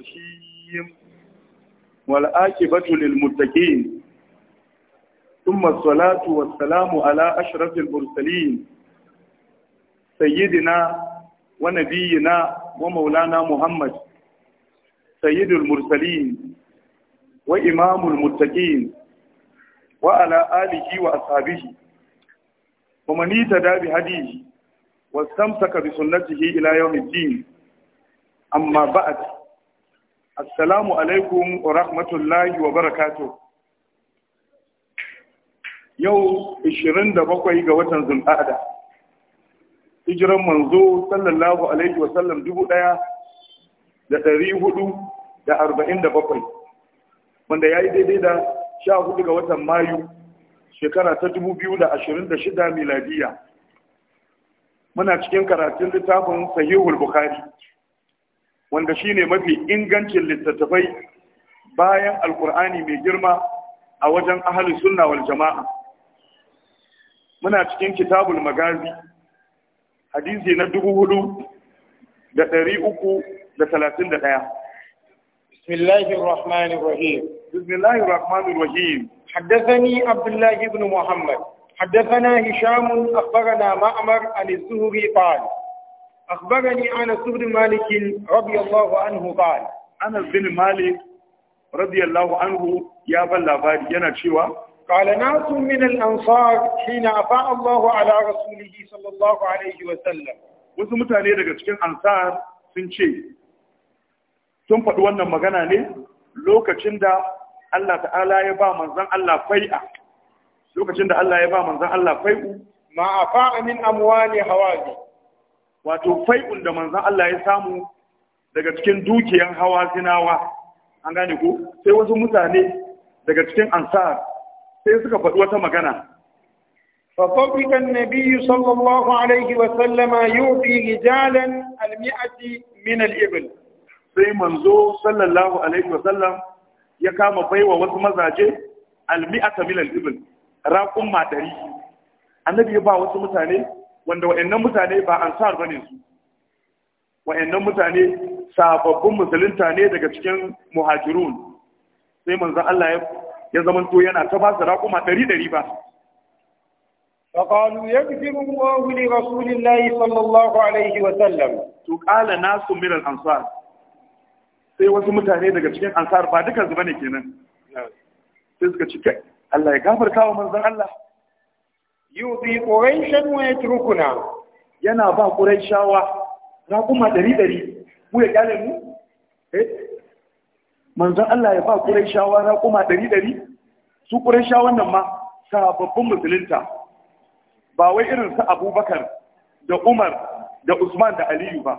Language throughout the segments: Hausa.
الرحيم والآكبة للمتقين ثم الصلاة والسلام على أشرف المرسلين سيدنا ونبينا ومولانا محمد سيد المرسلين وإمام المتقين وعلى آله وأصحابه ومن اهتدى بهديه واستمسك بسنته إلى يوم الدين أما بعد assalamu alaikum wa rahmatullahi wa barakatuh yau 27 ga watan zulqa'ada hijiran manzo sallallahu alaihi wa sallam dubu ɗaya da ɗari hudu da arba'in da bakwai wanda ya yi daidai da sha hudu ga watan mayu shekara ta dubu biyu da ashirin da shida miladiya muna cikin karatun littafin sahihul bukhari wanda shi ne mafi ingancin littattafai bayan alkur'ani mai girma a wajen ahalin sunna wal jama'a muna cikin kitabul magazi hadisi na dubu hudu da ɗari uku da talatin da ɗaya bismillahir rahmanir rahim bismillahir rahmanir rahim حدثني عبد الله بن محمد حدثنا هشام أخبرنا معمر عن الزهري قال أخبرني أنس بن مالك رضي الله عنه قال أنس بن مالك رضي الله عنه يا بل لاباري ينا شوى قال ناس من الأنصار حين أفاء الله على رسوله صلى الله عليه وسلم wasu mutane daga cikin ansar sun ce sun faɗi wannan magana ne lokacin da Allah ta'ala ya ba manzan Allah fai'a lokacin da Allah ya ba manzan Allah fai'u min amwali hawazi wato fai'un da manzan Allah ya samu daga cikin dukiyan hawa zinawa an gane ku? sai wasu mutane daga cikin ansa sai suka faɗi wata magana فطبق النبي صلى الله عليه وسلم يعطي رجالا المئة من الإبل sai manzo sallallahu alaihi wasallam ya kama baiwa wasu mazaje almi'ata milal ibil raƙun ma ɗari annabi ya ba wasu mutane wanda wa'annan mutane ba ansar bane su wa'annan mutane sababbin musulunta ne daga cikin muhajirun sai manzon Allah ya to yana ta ba su raƙuma ɗari ɗari ba فقالوا يغفر الله لرسول الله صلى الله عليه وسلم تقال ناس من الانصار sai wasu mutane daga cikin ansar ba dukan zuba ne kenan sai suka cika Allah ya gafarta wa manzon Allah yubi quraishan waya turkuna yana ba quraishawa raƙuma ɗari ɗari mu ya ƙyale mu eh manzon Allah ya ba quraishawa raƙuma ɗari ɗari su quraishawan nan ma sababbin musulunta ba wai irin su Abubakar da Umar da Usman da Aliyu ba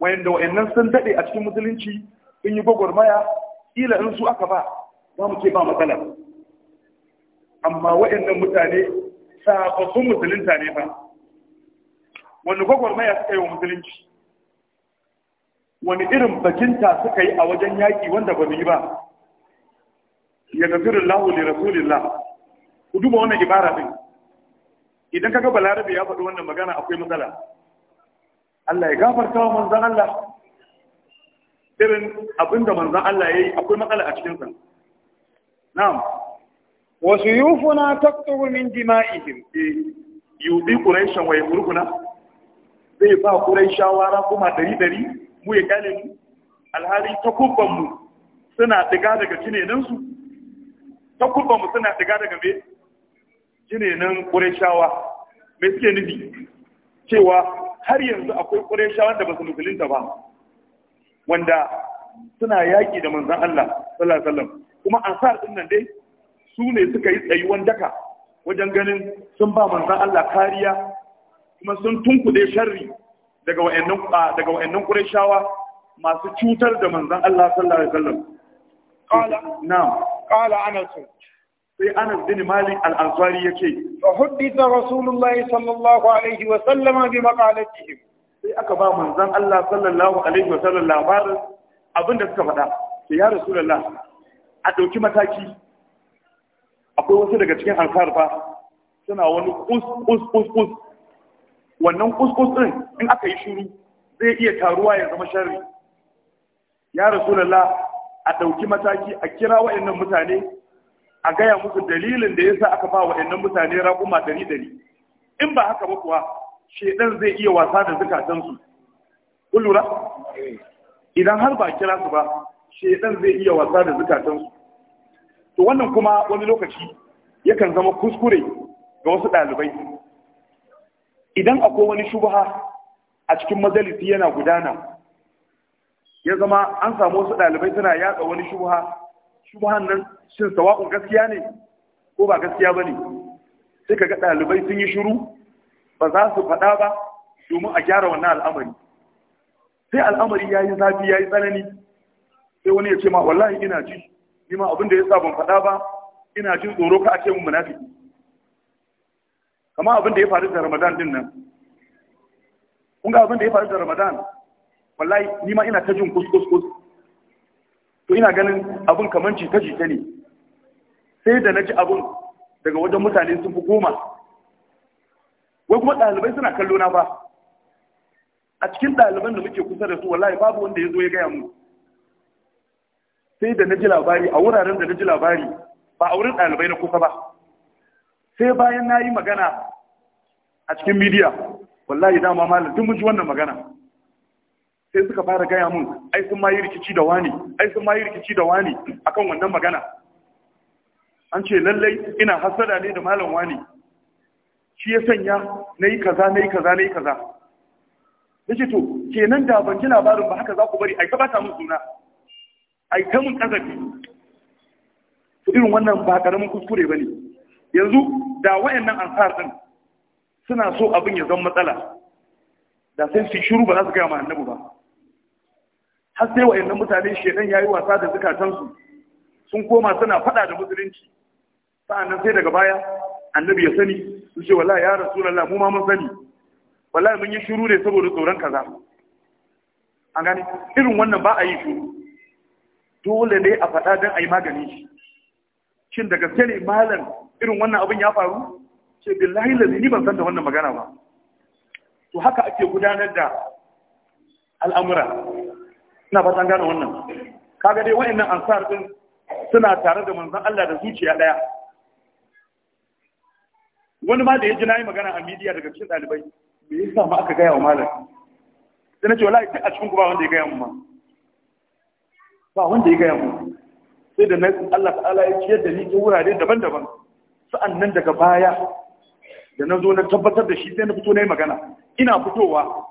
wayanda wayannan sun dade a cikin musulunci sun yi gwagwarmaya ila in su aka ba za mu ce ba matsala amma wayannan mutane sababbin musulunta ne ba wani gwagwarmaya suka yi wa musulunci wani irin bakinta suka yi a wajen yaƙi wanda ba yi ba ya gafirin lahuli li rasulillah ku duba wannan ibara din idan kaga balarabe ya faɗi wannan magana akwai matsala Allah ya gafarta wa manzan Allah irin abinda manzan Allah ya yi akwai matsala a cikinsa na'am wasu yufuna takturu min dima'ihim eh, yubi quraishan wai, yurkuna zai ba quraishawa ra kuma dari dari mu ya kale mu alhali takubban mu suna diga daga cinenan su takubban suna diga daga suke nufi cewa har yanzu akwai quraishawa da basu musulunta ba wanda suna yaki da manzon Allah sallallahu alaihi wasallam kuma ansar din nan dai su ne suka yi tsayuwan daka wajen ganin sun ba manzan Allah kariya kuma sun tunkuɗe sharri daga wa'annan daga masu cutar da manzan Allah sallallahu alaihi wasallam Kala na'am kala Anas sai Anas bin Malik al-Ansari yake fa hudditha Rasulullahi sallallahu alaihi wasallam bi maqalatihim sai aka ba manzan Allah sallallahu alaihi wasallam labarin abinda suka faɗa sai ya Rasulullah a ɗauki mataki akwai wasu daga cikin ansar fa suna wani kus kus kus kus wannan kus kus din in aka yi shiru zai iya taruwa ya zama sharri ya rasulullah a ɗauki mataki a kira waɗannan mutane a gaya musu dalilin da ya sa aka ba waɗannan mutane raƙuma dari-dari. in ba haka ba kuwa shedan zai iya wasa da zukatansu kun idan har ba kira su ba shedan zai iya wasa da zukatansu to wannan kuma wani lokaci yakan zama kuskure ga wasu ɗalibai idan akwai wani shubha a cikin majalisi yana gudana ya zama an samu wasu ɗalibai suna yatsa wani shubha shubhan nan shin sawa'un gaskiya ne ko ba gaskiya ba ne sai ka ga ɗalibai sun yi shiru ba za su faɗa ba domin a gyara wannan al'amari sai al'amari ya yi zafi ya yi tsanani sai wani ya ce ma wallahi ina ji shi ma abin da sa ban faɗa ba ina jin tsoro ka ake mun munafiki kamar abin da ya faru da Ramadan din nan kun ga abin da ya faru da Ramadan wallahi ni ma ina ta jin kuskus kus to ina ganin abin kaman jita ta ne sai da naji abin daga wajen mutane sun fi goma wai kuma ɗalibai suna kallo na ba a cikin ɗaliban da muke kusa da su wallahi babu wanda ya zo ya gaya mu sai da na ji labari a wuraren da na ji labari ba a wurin ɗalibai na kuka ba sai bayan na yi magana a cikin midiya wallahi dama malam duk mun ji wannan magana sai suka fara gaya mun ai sun ma rikici da wani ai sun ma rikici da wani akan wannan magana an ce lallai ina hasada ne da malam wani shi ya sanya na yi kaza na yi kaza na yi kaza ya ke to kenan da ban ji labarin ba haka za ku bari ai ka bata mun suna ai ta mun irin wannan ba karamin kuskure ba ne. yanzu da wayannan ansar din suna so abin ya zama matsala da sai su shiru ba za su gaya ma annabi ba har sai wayannan mutane shedan yayi wasa da su sun koma suna fada da musulunci sa'annan sai daga baya annabi ya sani sun ce wallahi ya rasulullahi mu ma mun sani wallahi mun yi shiru ne saboda tsoron kaza an gane irin wannan ba a yi shiru dole ne a faɗa don a yi magani shi shin da gaske ne malam irin wannan abin ya faru ce billahi lazi ni ban san da wannan magana ba to haka ake gudanar da al'amura ina ba san gane wannan kaga dai wa'annan ansar din suna tare da manzon Allah da zuciya ɗaya. wani ma da ya ji na yi magana a midiya daga cikin ɗalibai, me yasa ma aka gaya wa malam sai na ce wallahi a cikin kuma wanda ya gaya mu ma ba wanda ya gaya mu sai da Allah ta'ala ya ciyar da ni ta wurare daban-daban sa'an nan daga baya da na zo na tabbatar da shi sai na fito na yi magana ina fitowa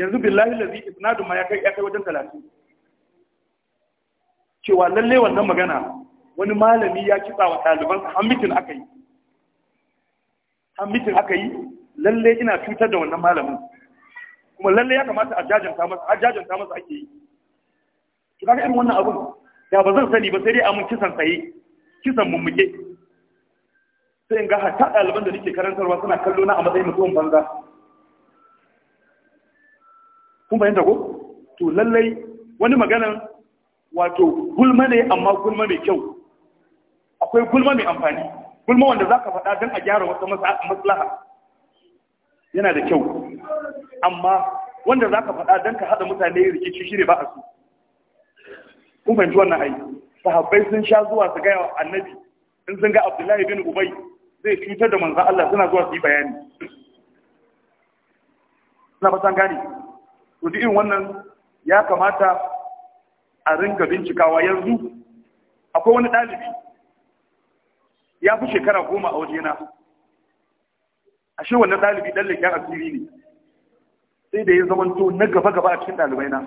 yanzu billahi lazi isnadu ma ya kai ya kai wajen talatin cewa lalle wannan magana wani malami ya kitsa wa ɗaliban hamitin aka yi hamitin aka yi lalle ina cutar da wannan malamin kuma lalle ya kamata a jajanta masa a jajanta masa ake yi to kaga irin wannan abun da ba zan sani ba sai dai a kisan tsaye kisan mummuke sai in ga hatta ɗaliban da nake karantarwa suna kallo na a matsayin mutumin banza kun fahimta ko to lallai wani maganan wato gulma ne amma gulma mai kyau akwai gulma mai amfani gulma wanda za ka faɗa don a gyara wata maslaha yana da kyau amma wanda za ka faɗa don ka haɗa mutane rikici shi ne ba a su kun fahimci wannan ai sahabbai sun sha zuwa su gaya annabi in sun ga abdullahi bin ubay zai cutar da manzo Allah suna zuwa su yi bayani suna san gane to dukin wannan ya kamata a ringa bincikawa yanzu akwai wani ɗalibi ya fi shekara goma a wajena ashe wannan ɗalibi ɗan leƙen asiri ne sai da ya zamanto na gaba-gaba a cikin ɗalibai na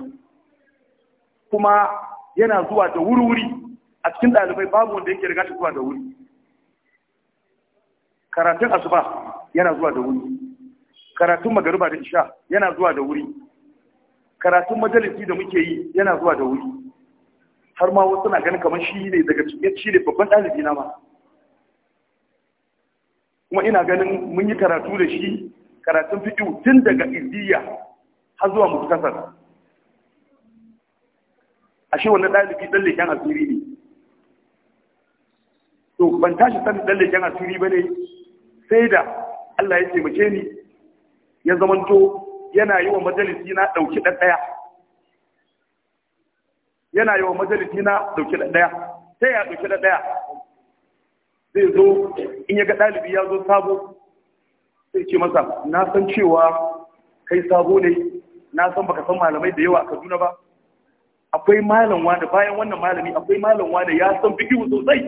kuma yana zuwa da wuri-wuri a cikin ɗalibai babu wanda yake riga zuwa da wuri karatun asuba yana zuwa da wuri karatun magariba da isha yana zuwa da wuri karatun majalisi da muke yi yana zuwa da wuri har ma wasu na ganin kamar shi ne daga cikin shi ne babban ɗalibi na ma kuma ina ganin mun yi karatu da shi karatun fiƙi tun daga indiya har zuwa Kasar. ashe wannan ɗalibi ɗan leken asiri ne to ban tashi sanin ɗan leken asiri ba ne sai da Allah ya taimake ni ya zamanto yana yi wa majalisi na dauki ɗaya yana yi wa majalisi na dauki ɗaya sai ya dauki ɗan ɗaya zai zo in ya ga ɗalibi ya zo sabo sai ce masa na san cewa kai sabo ne na san baka san malamai da yawa a Kaduna ba akwai malam wani bayan wannan malami akwai malam wani ya san fikihu sosai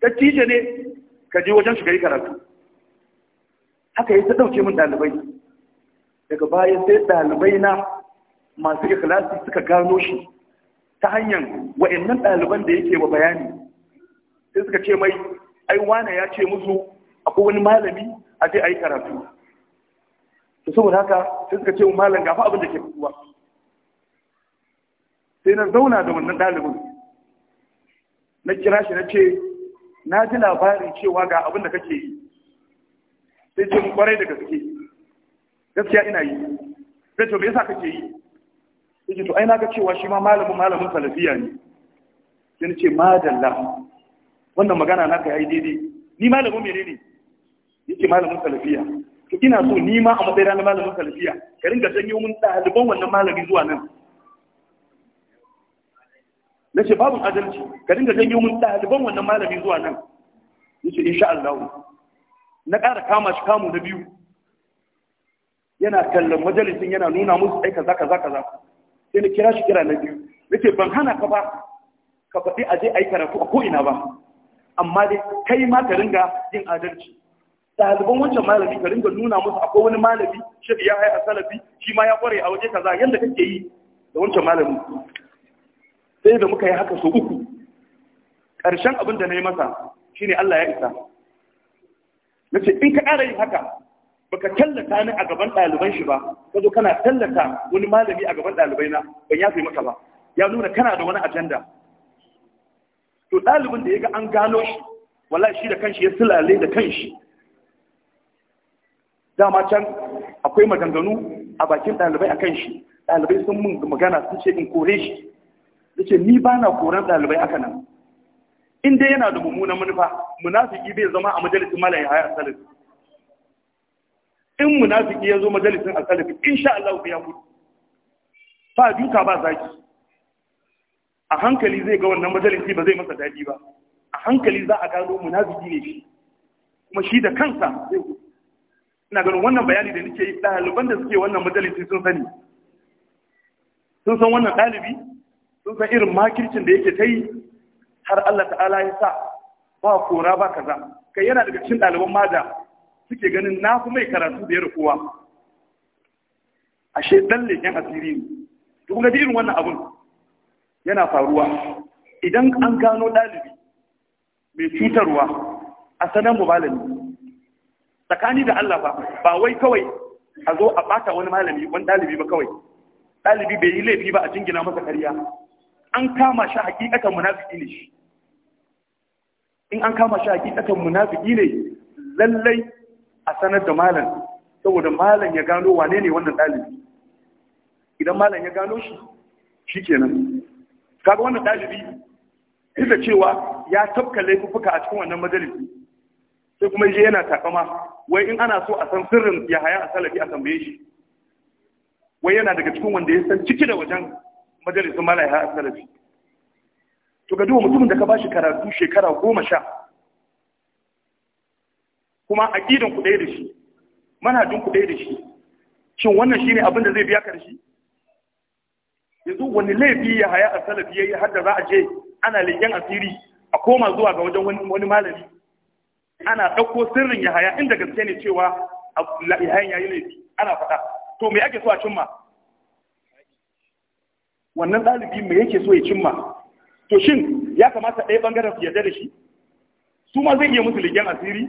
ta cije ne ka je wajen shiga yi karatu haka yi ta ɗauke min ɗalibai daga bayan sai ɗalibai na masu ikhlasi suka gano shi ta hanyar wa'annan ɗaliban da yake wa bayani sai suka ce mai ai wane ya ce musu akwai wani malami a je a yi karatu to saboda haka sai suka ce malam gafa abin da ke fitowa sai na zauna da wannan ɗalibin na kira shi na ce na ji labarin cewa ga abin da kake yi sai ce kwarai da gaske gaskiya ina yi sai to me yasa kake yi sai ce to ai na ga cewa shi ma malamin malamin salafiya ne sai na ce madalla wannan magana naka yayi daidai ni malamin menene yake malamin salafiya to ina so ni ma a matsayin na malamin salafiya ka ringa janyo mun ɗaliban wannan malami zuwa nan na ce babu adalci ka dinga janyo mun ɗaliban wannan malami zuwa nan ya ce insha Allah na ƙara kama shi kamu na biyu yana kallon majalisin yana nuna musu aika kaza kaza kaza sai na kira shi kira na biyu na ce ban hana ka ba ka faɗi a je a yi karatu a ko'ina ba amma dai kai ma ka ringa yin adalci ɗaliban wancan malami ka ringa nuna musu akwai wani malami shi ya haya a salafi shi ma ya ƙware a waje kaza yadda kake yi da wancan malami. sai da muka yi haka su uku ƙarshen abin da na yi masa shi ne Allah ya isa na ce in ka ƙara yin haka baka tallata ni a gaban ɗaliban shi ba ka zo kana tallata wani malami a gaban ɗalibai na ban ya maka ba ya nuna kana da wani ajanda to ɗalibin da ya ga an gano shi wala shi da kanshi ya silale da kanshi dama can akwai maganganu a bakin ɗalibai a kanshi ɗalibai sun mun magana sun ce in kore shi yace ni ba na koran ɗalibai haka nan in dai yana da mummunan manufa munafiki bai zama a majalisin malayi haya salif in munafiki ya zo majalisin in insha Allah ya mutu ba duka ba zaki a hankali zai ga wannan majalisi ba zai masa daɗi ba a hankali za a gano munafiki ne shi kuma shi da kansa zai gudu ina ganin wannan bayani da nake yi ɗaliban da suke wannan majalisi sun sani sun san wannan ɗalibi sun san irin makircin da yake ta yi har Allah ta'ala ya sa ba kora ba kaza kai yana daga cikin ɗaliban mada suke ganin na fi mai karatu da ya kowa ashe dan leken asiri ne to kuma irin wannan abun yana faruwa idan an gano ɗalibi mai cutarwa a sanar mu malami tsakani da Allah ba ba wai kawai a zo a ɓata wani malami wani ɗalibi ba kawai ɗalibi bai yi laifi ba a jingina masa karya an kama shi hakikatan munafiki ne shi in an kama shi hakikatan munafiki ne lallai a sanar da malam saboda malam ya gano wane ne wannan ɗalibi idan malam ya gano shi shi kenan kaga wannan ɗalibi duk da cewa ya tafka laifuka a cikin wannan majalisi sai kuma je yana takama wai in ana so a san sirrin ya haya a salafi a tambaye shi wai yana daga cikin wanda ya san ciki da wajen majalisun malaya a salafi to ga duwa mutumin da ka ba shi karatu shekara goma sha kuma a aƙidan ku ɗaya da shi manhajin ku ɗaya da shi shin wannan shi ne abin da zai biya karshe yanzu wani laifi ya haya a salafi ya yi har da za a je ana leƙen asiri a koma zuwa ga wajen wani malami ana ɗauko sirrin ya haya inda gaske ne cewa a hayan ya yi laifi ana faɗa to me ake so a cimma wannan ɗalibi mai yake so ya cimma to shin ya kamata ɗaya ɓangaren su yarda da shi su ma zai iya musu ligen asiri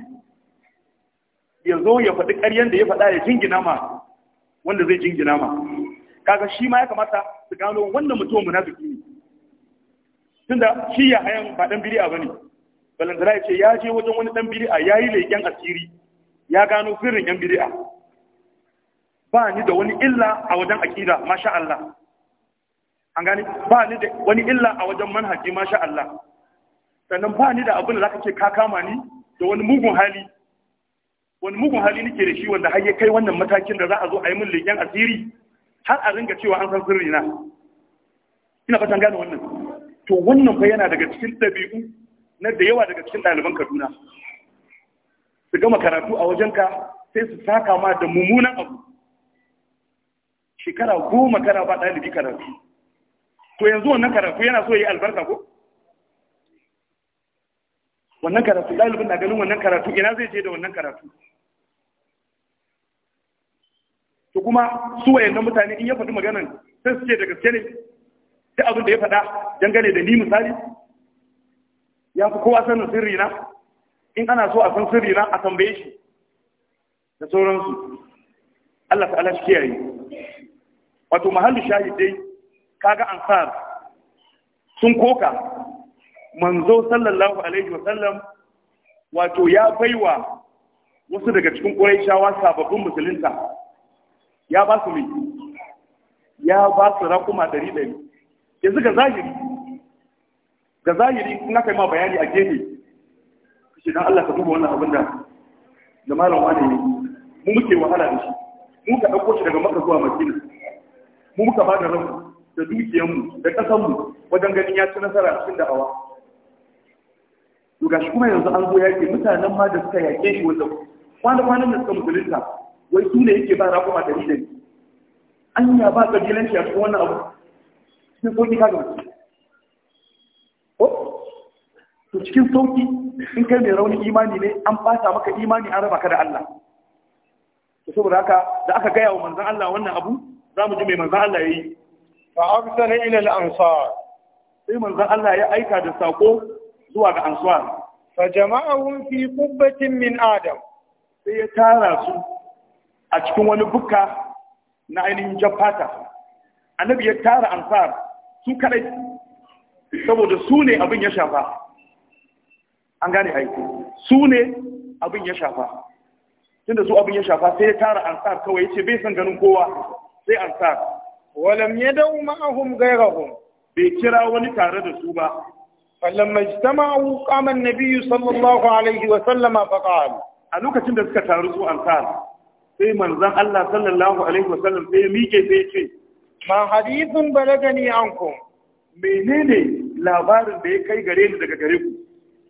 ya zo ya faɗi ƙaryen da ya faɗa ya jingina ma wanda zai jingina ma kaga shi ma ya kamata su gano wannan mutum munafiki ne tunda shi ya hayan ba dan biri'a bane balantana ya ce ya je wajen wani dan ya yi leƙen asiri ya gano firin yan biri'a. ba ni da wani illa a wajen akida masha Allah an gani ba ni da wani illa a wajen manhaji masha Allah sannan ba ni da abin da zaka ce ka kama ni da wani mugun hali wani mugun hali nake da shi wanda har ya kai wannan matakin da za a zo a yi min leken asiri har a ringa cewa an san sirri na ina fatan gane wannan to wannan fa yana daga cikin ɗabi'u na da yawa daga cikin ɗaliban Kaduna su gama karatu a wajenka sai su saka ma da mummunan abu shekara goma kana ba ɗalibi karatu to yanzu wannan karatu yana so yi albarka ko wannan karatu Dalibin na ganin wannan karatu ina zai je da wannan karatu to kuma su wayannan mutane in ya faɗi maganan sai su ce da gaske ne duk abin da ya faɗa dangane da ni misali ya fi kowa sanin sirri na in ana so a san sirri na a tambaye shi da sauransu Allah ta'ala shi kiyaye wato mahallu shahid dai kaga ansar sun koka manzo sallallahu alaihi wa sallam wato ya baiwa wasu daga cikin ƙurayshawa sababbin musulunta ya ba su mai ya ba su rakuma ɗari ɗari yanzu ga zahiri ga zahiri na kai yi ma bayani a gefe kashe don Allah ka duba wannan abin da da malam wani ne mu muke wahala da shi mu ka ɗauko shi daga maka zuwa madina mu muka ba da rabu da dukiyarmu da kasanmu wajen ganin ya ci nasara cikin da'awa to kuma yanzu an zo yaƙi mutanen ma da suka yaƙe shi wajen kwana-kwanan da suka musulunta wai su ne yake ba ma da ɗari an yi ba ƙabilan shi a cikin wannan abu sai sauƙi ka gaba to cikin sauƙi in kai mai rauni imani ne an ɓata maka imani an raba ka da Allah saboda haka da aka gaya wa manzan Allah wannan abu za mu ji mai manzan Allah ya yi فأرسل إلى الأنصار sai manzon Allah ya aika da sako zuwa ga ansuwar fajama'ahum fi qubbatin min adam sai ya tara su a cikin wani bukka na ainihin jafata. annabi ya tara ansar su kadai saboda su ne abin ya shafa an gane aiki su ne abin ya shafa tunda su abin ya shafa sai ya tara ansar kawai yace bai san ganin kowa sai ansar walam yadau ma'ahum ghayrahum bai kira wani tare da su ba فلما اجتمعوا قام النبي صلى الله عليه وسلم فقال a lokacin da suka taru su ansar sai manzon Allah sallallahu alaihi wasallam sai mike sai ce ma menene labarin da ya kai gare ni daga gare ku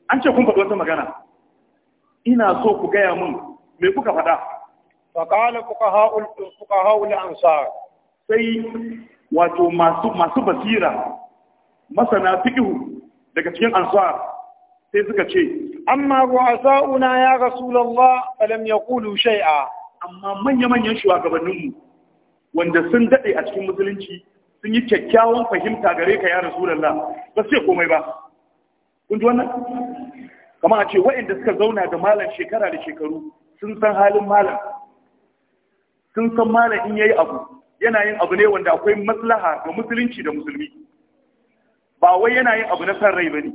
an ce kun faɗi wata magana ina so ku gaya mun me kuka faɗa faqala fuqaha'ul fuqaha'ul ansar sai wato masu masu basira masana fiqhu daga cikin ansar sai suka ce amma zauna ya rasulullah ya yaqulu shay'a amma manya manyan shugabanninmu wanda sun dade a cikin musulunci sun yi kyakkyawan fahimta gare ka ya rasulullah ba sai komai ba kun ji wannan kamar a ce waɗanda suka zauna da malam shekara da shekaru sun san halin malam sun san malam in yayi abu yana yin abu ne wanda akwai maslaha ga musulunci da musulmi ba wai yana yin abu na san rai bane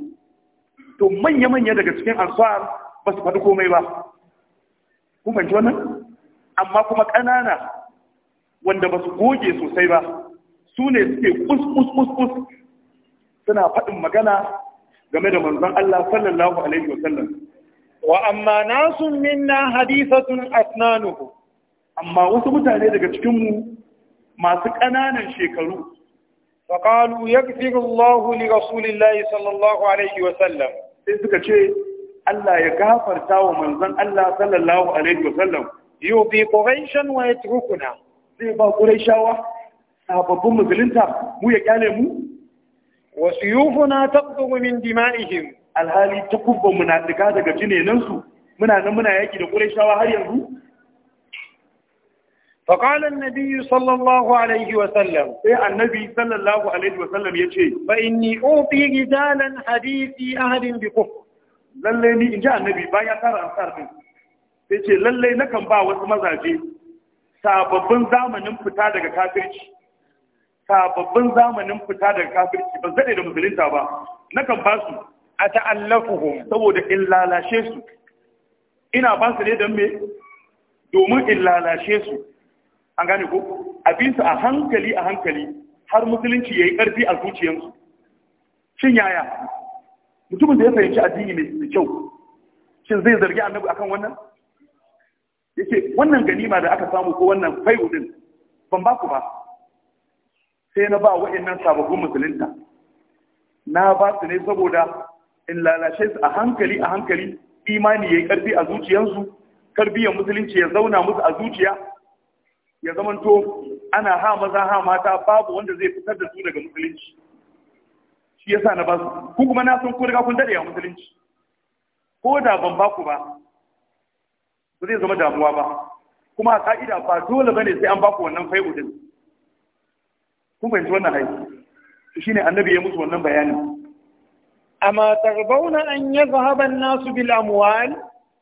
to manya-manya daga cikin alfahar ba su faɗi komai ba kun fahimci wannan amma kuma ƙanana wanda ba su goge sosai ba su ne suke kus kus kus kus suna faɗin magana game da manzon Allah sallallahu alaihi wa sallam wa amma nasu minna hadithatun asnanuhu amma wasu mutane daga cikin mu masu ƙananan shekaru faƙalu ya fi Allahu li rasulillahi sallallahu alaihi wa sallam sai suka ce Allah ya gafarta wa manzon Allah sallallahu alaihi wa sallam yubi quraishan wa yatrukuna Zai ba quraishawa sababbin musulunta mu ya kyale mu wa ta taqdu min dima'ihim alhali takubban muna diga daga jinenansu muna nan muna yaki da quraishawa har yanzu فقال النبي صلى الله عليه وسلم إيه النبي صلى الله عليه وسلم يتشي فإني أعطي رجالا حديثي أهد بكفر lallai ni in ji annabi ba ya tara ansar din sai ce lallai kan ba wasu mazaje sababbin zamanin fita daga kafirci sababbin zamanin fita daga kafirci ba zade da musulunta ba nakan ba su a ta'allafuhum saboda in lalashe su ina ba su ne don me domin in lalashe su an gane ko abin su a hankali a hankali har musulunci yayi karfi a zuciyarsu shin yaya mutumin da ya fahimci addini mai kyau shin zai zargi annabi akan wannan yace wannan ganima da aka samu ko wannan faiwudin din ban ba ku ba sai na ba wa'annan sababbin musulunta na ba su ne saboda in lalashe su a hankali a hankali imani ya yi karfi a zuciyarsu karbiyyar musulunci ya zauna musu a zuciya ya zamanto ana ha maza ha mata babu wanda zai fitar da su daga musulunci shi yasa na ba su ku kuma na san ku riga kun dade a musulunci ko da ban ba ku ba ba zai zama damuwa ba kuma a ka'ida ba dole bane sai an ba ku wannan fai'u din kun fahimci wannan haiti shine annabi ya musu wannan bayanin amma tarbauna an yazhaba an-nasu bil amwal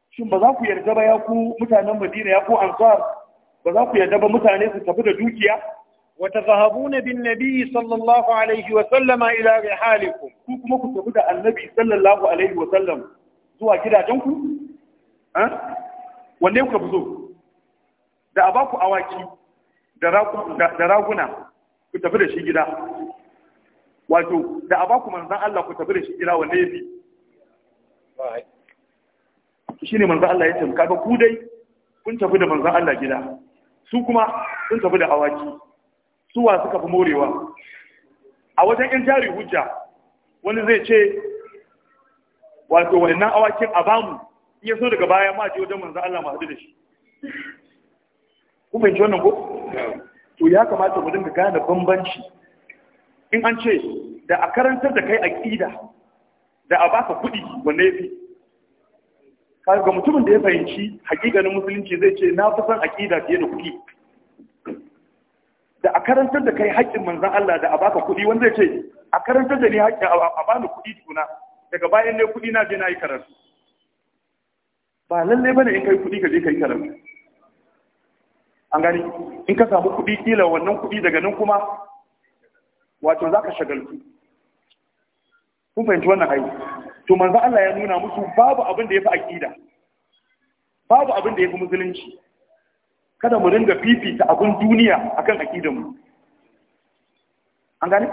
shin ba za ku yarda ba ya ku mutanen Madina ya ku ansar ba za ku yarda ba mutane su tafi da dukiya wata zahabu na bin nabi sallallahu alaihi wa sallama ila rihalikum ku kuma ku tafi da annabi sallallahu alaihi wa sallam zuwa gidajenku ha wanne kuka fi so da a baku awaki da raguna ku tafi da shi gida wato da a baku manzan Allah ku tafi da shi gida wanne ya fi shi ne manzan Allah ya ce kaga ku dai kun tafi da manzan Allah gida su kuma sun tafi da awaki suwa suka fi morewa a wajen yan jari hujja wani zai ce wato wani nan awakin a bamu iya so daga bayan ma ji wajen manzan Allah mu da shi ku fahimci wannan ko to ya kamata mu dinga gane bambanci in an ce da a karantar da kai aƙida da a baka kuɗi wanda fi? kaga ga mutumin da ya fahimci hakikanin musulunci zai ce na fi san aqida fiye da kuɗi da a karantar da kai haƙƙin manzon Allah da a baka kuɗi wanda zai ce a karantar da ni haƙƙin a bani kuɗi tukuna daga bayan ne kuɗi na je na yi karatu ba lallai bane in kai kuɗi ka je kai karatu an gani in ka samu kuɗi kila wannan kuɗi daga nan kuma wato zaka shagaltu kun fahimci wannan aiki to manzo Allah ya nuna musu babu abin da yafi aqida babu abin da yafi musulunci kada mu ringa fifita abin duniya akan aqidar mu an gane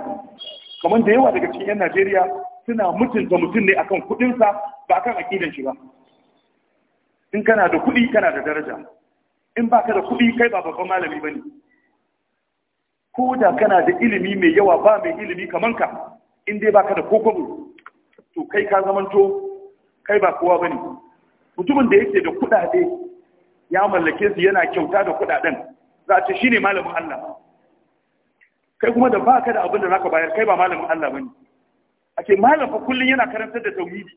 kamar da yawa daga cikin yan Najeriya suna mutunta mutum ne akan kudin sa ba akan aqidar shi ba in kana da kudi kana da daraja in baka da kudi kai ba babban malami bane ko da kana da ilimi mai yawa ba mai ilimi kaman ka in dai baka da kokobu. to kai ka zamanto kai ba kowa bane mutumin da yake da kudade ya mallake su yana kyauta da kudaden za ta shine malamin Allah kai kuma da baka da abin da zaka bayar kai ba malamin Allah bane ake malam fa kullun yana karantar da tauhidi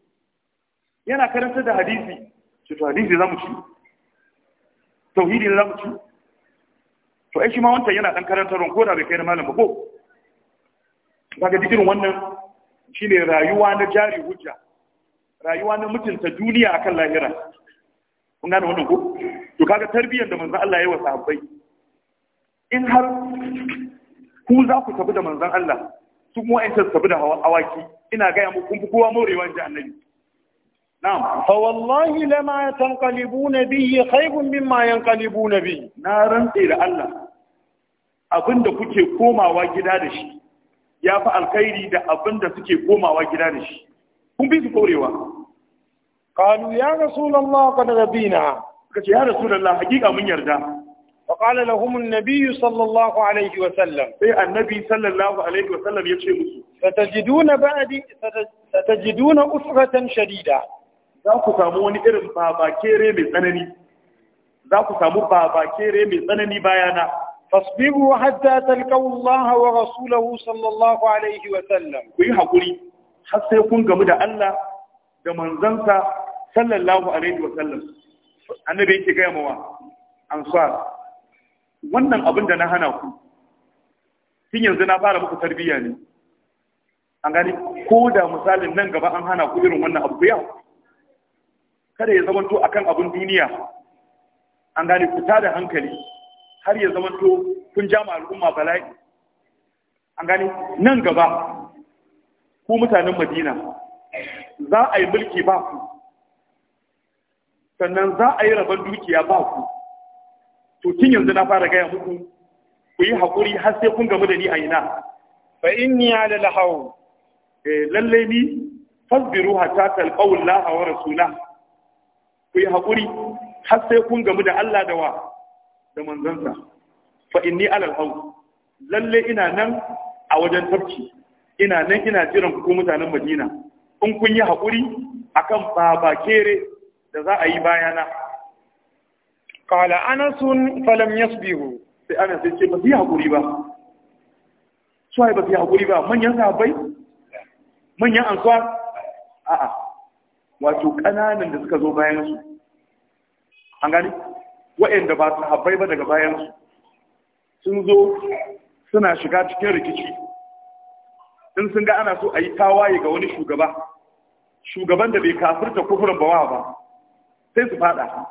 yana karantar da hadisi ce to hadisi zamu ci tauhidi zamu ci to ai shi ma wanda yana dan karantar ko da bai kai na malam ba ko kaga dikirin wannan shine rayuwa na jari hujja rayuwa na mutunta duniya akan lahira kun gane wannan ko to kaga tarbiyyar da manzon Allah ya wa sahabbai in har ku za ku tafi da manzon Allah su kuma ayyanta su tafi da awaki ina gaya muku kun fi kowa morewa ji annabi na'am fa wallahi lama tanqalibuna bihi khayrun mimma yanqalibuna bihi na rantse da Allah abinda kuke komawa gida da shi ya fi alkhairi da abinda suke komawa gida da shi kun bi su korewa ya rasulullahi qad rabbina kace ya rasulullahi hakika mun yarda wa qala lahum an sallallahu alayhi wa sallam sai annabi sallallahu alayhi wa sallam yace musu satajiduna ba'di satajiduna usratan shadida za ku samu wani irin babakere mai samu babakere mai tsanani bayana na fasbiru hatta talqaw Allah wa rasulahu sallallahu alaihi wa sallam ku yi hakuri har sai kun gamu da Allah da manzansa sallallahu alaihi wa sallam annabi yake gaya mawa ansar wannan abin da na hana ku tun yanzu na fara muku tarbiyya ne an ko da misalin nan gaba an hana ku irin wannan abu ya kada ya zamanto akan abin duniya an gani hankali har ya zama to kun ja ma al'umma bala'i an gani. nan gaba ku mutanen madina za a yi mulki ba ku sannan za a yi rabon dukiya ba ku to tun yanzu na fara gaya muku ku yi haƙuri har sai kun gamu da ni a ina fa inni ala lahaw eh lalle ni fasbiru hatta talqaw Allah wa rasula ku yi haƙuri har sai kun gamu da Allah da wa da manzansa fa inni alal haus lalle ina nan a wajen tafki ina nan ina jiran ku mutanen Madina in kun yi haƙuri akan babakere da za a yi bayana qala anas falam yasbihu sai ana sai ce ba su yi haƙuri ba su ba su yi haƙuri ba manyan sahabbai manyan ansuwar a'a wato ƙananan da suka zo bayan su an gani wa'anda ba su habbai ba daga bayansu sun zo suna shiga cikin rikici in sun ga ana so a yi tawaye ga wani shugaba shugaban da bai kafirta kufurin bawa ba sai su fada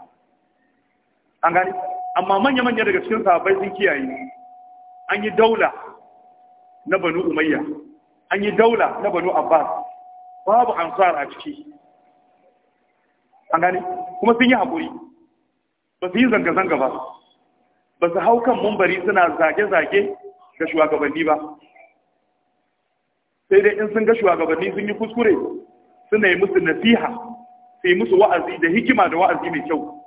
an gani amma manya-manya daga cikin sahabbai sun kiyaye an yi daula na banu umayya an yi daula na banu abbas babu ansar a ciki an gani kuma sun yi haƙuri ba su yi zanga-zanga ba ba su hau kan mumbari suna zage-zage ga shugabanni ba sai dai in sun ga shugabanni sun yi kuskure suna yi musu nasiha su yi musu wa'azi da hikima da wa'azi mai kyau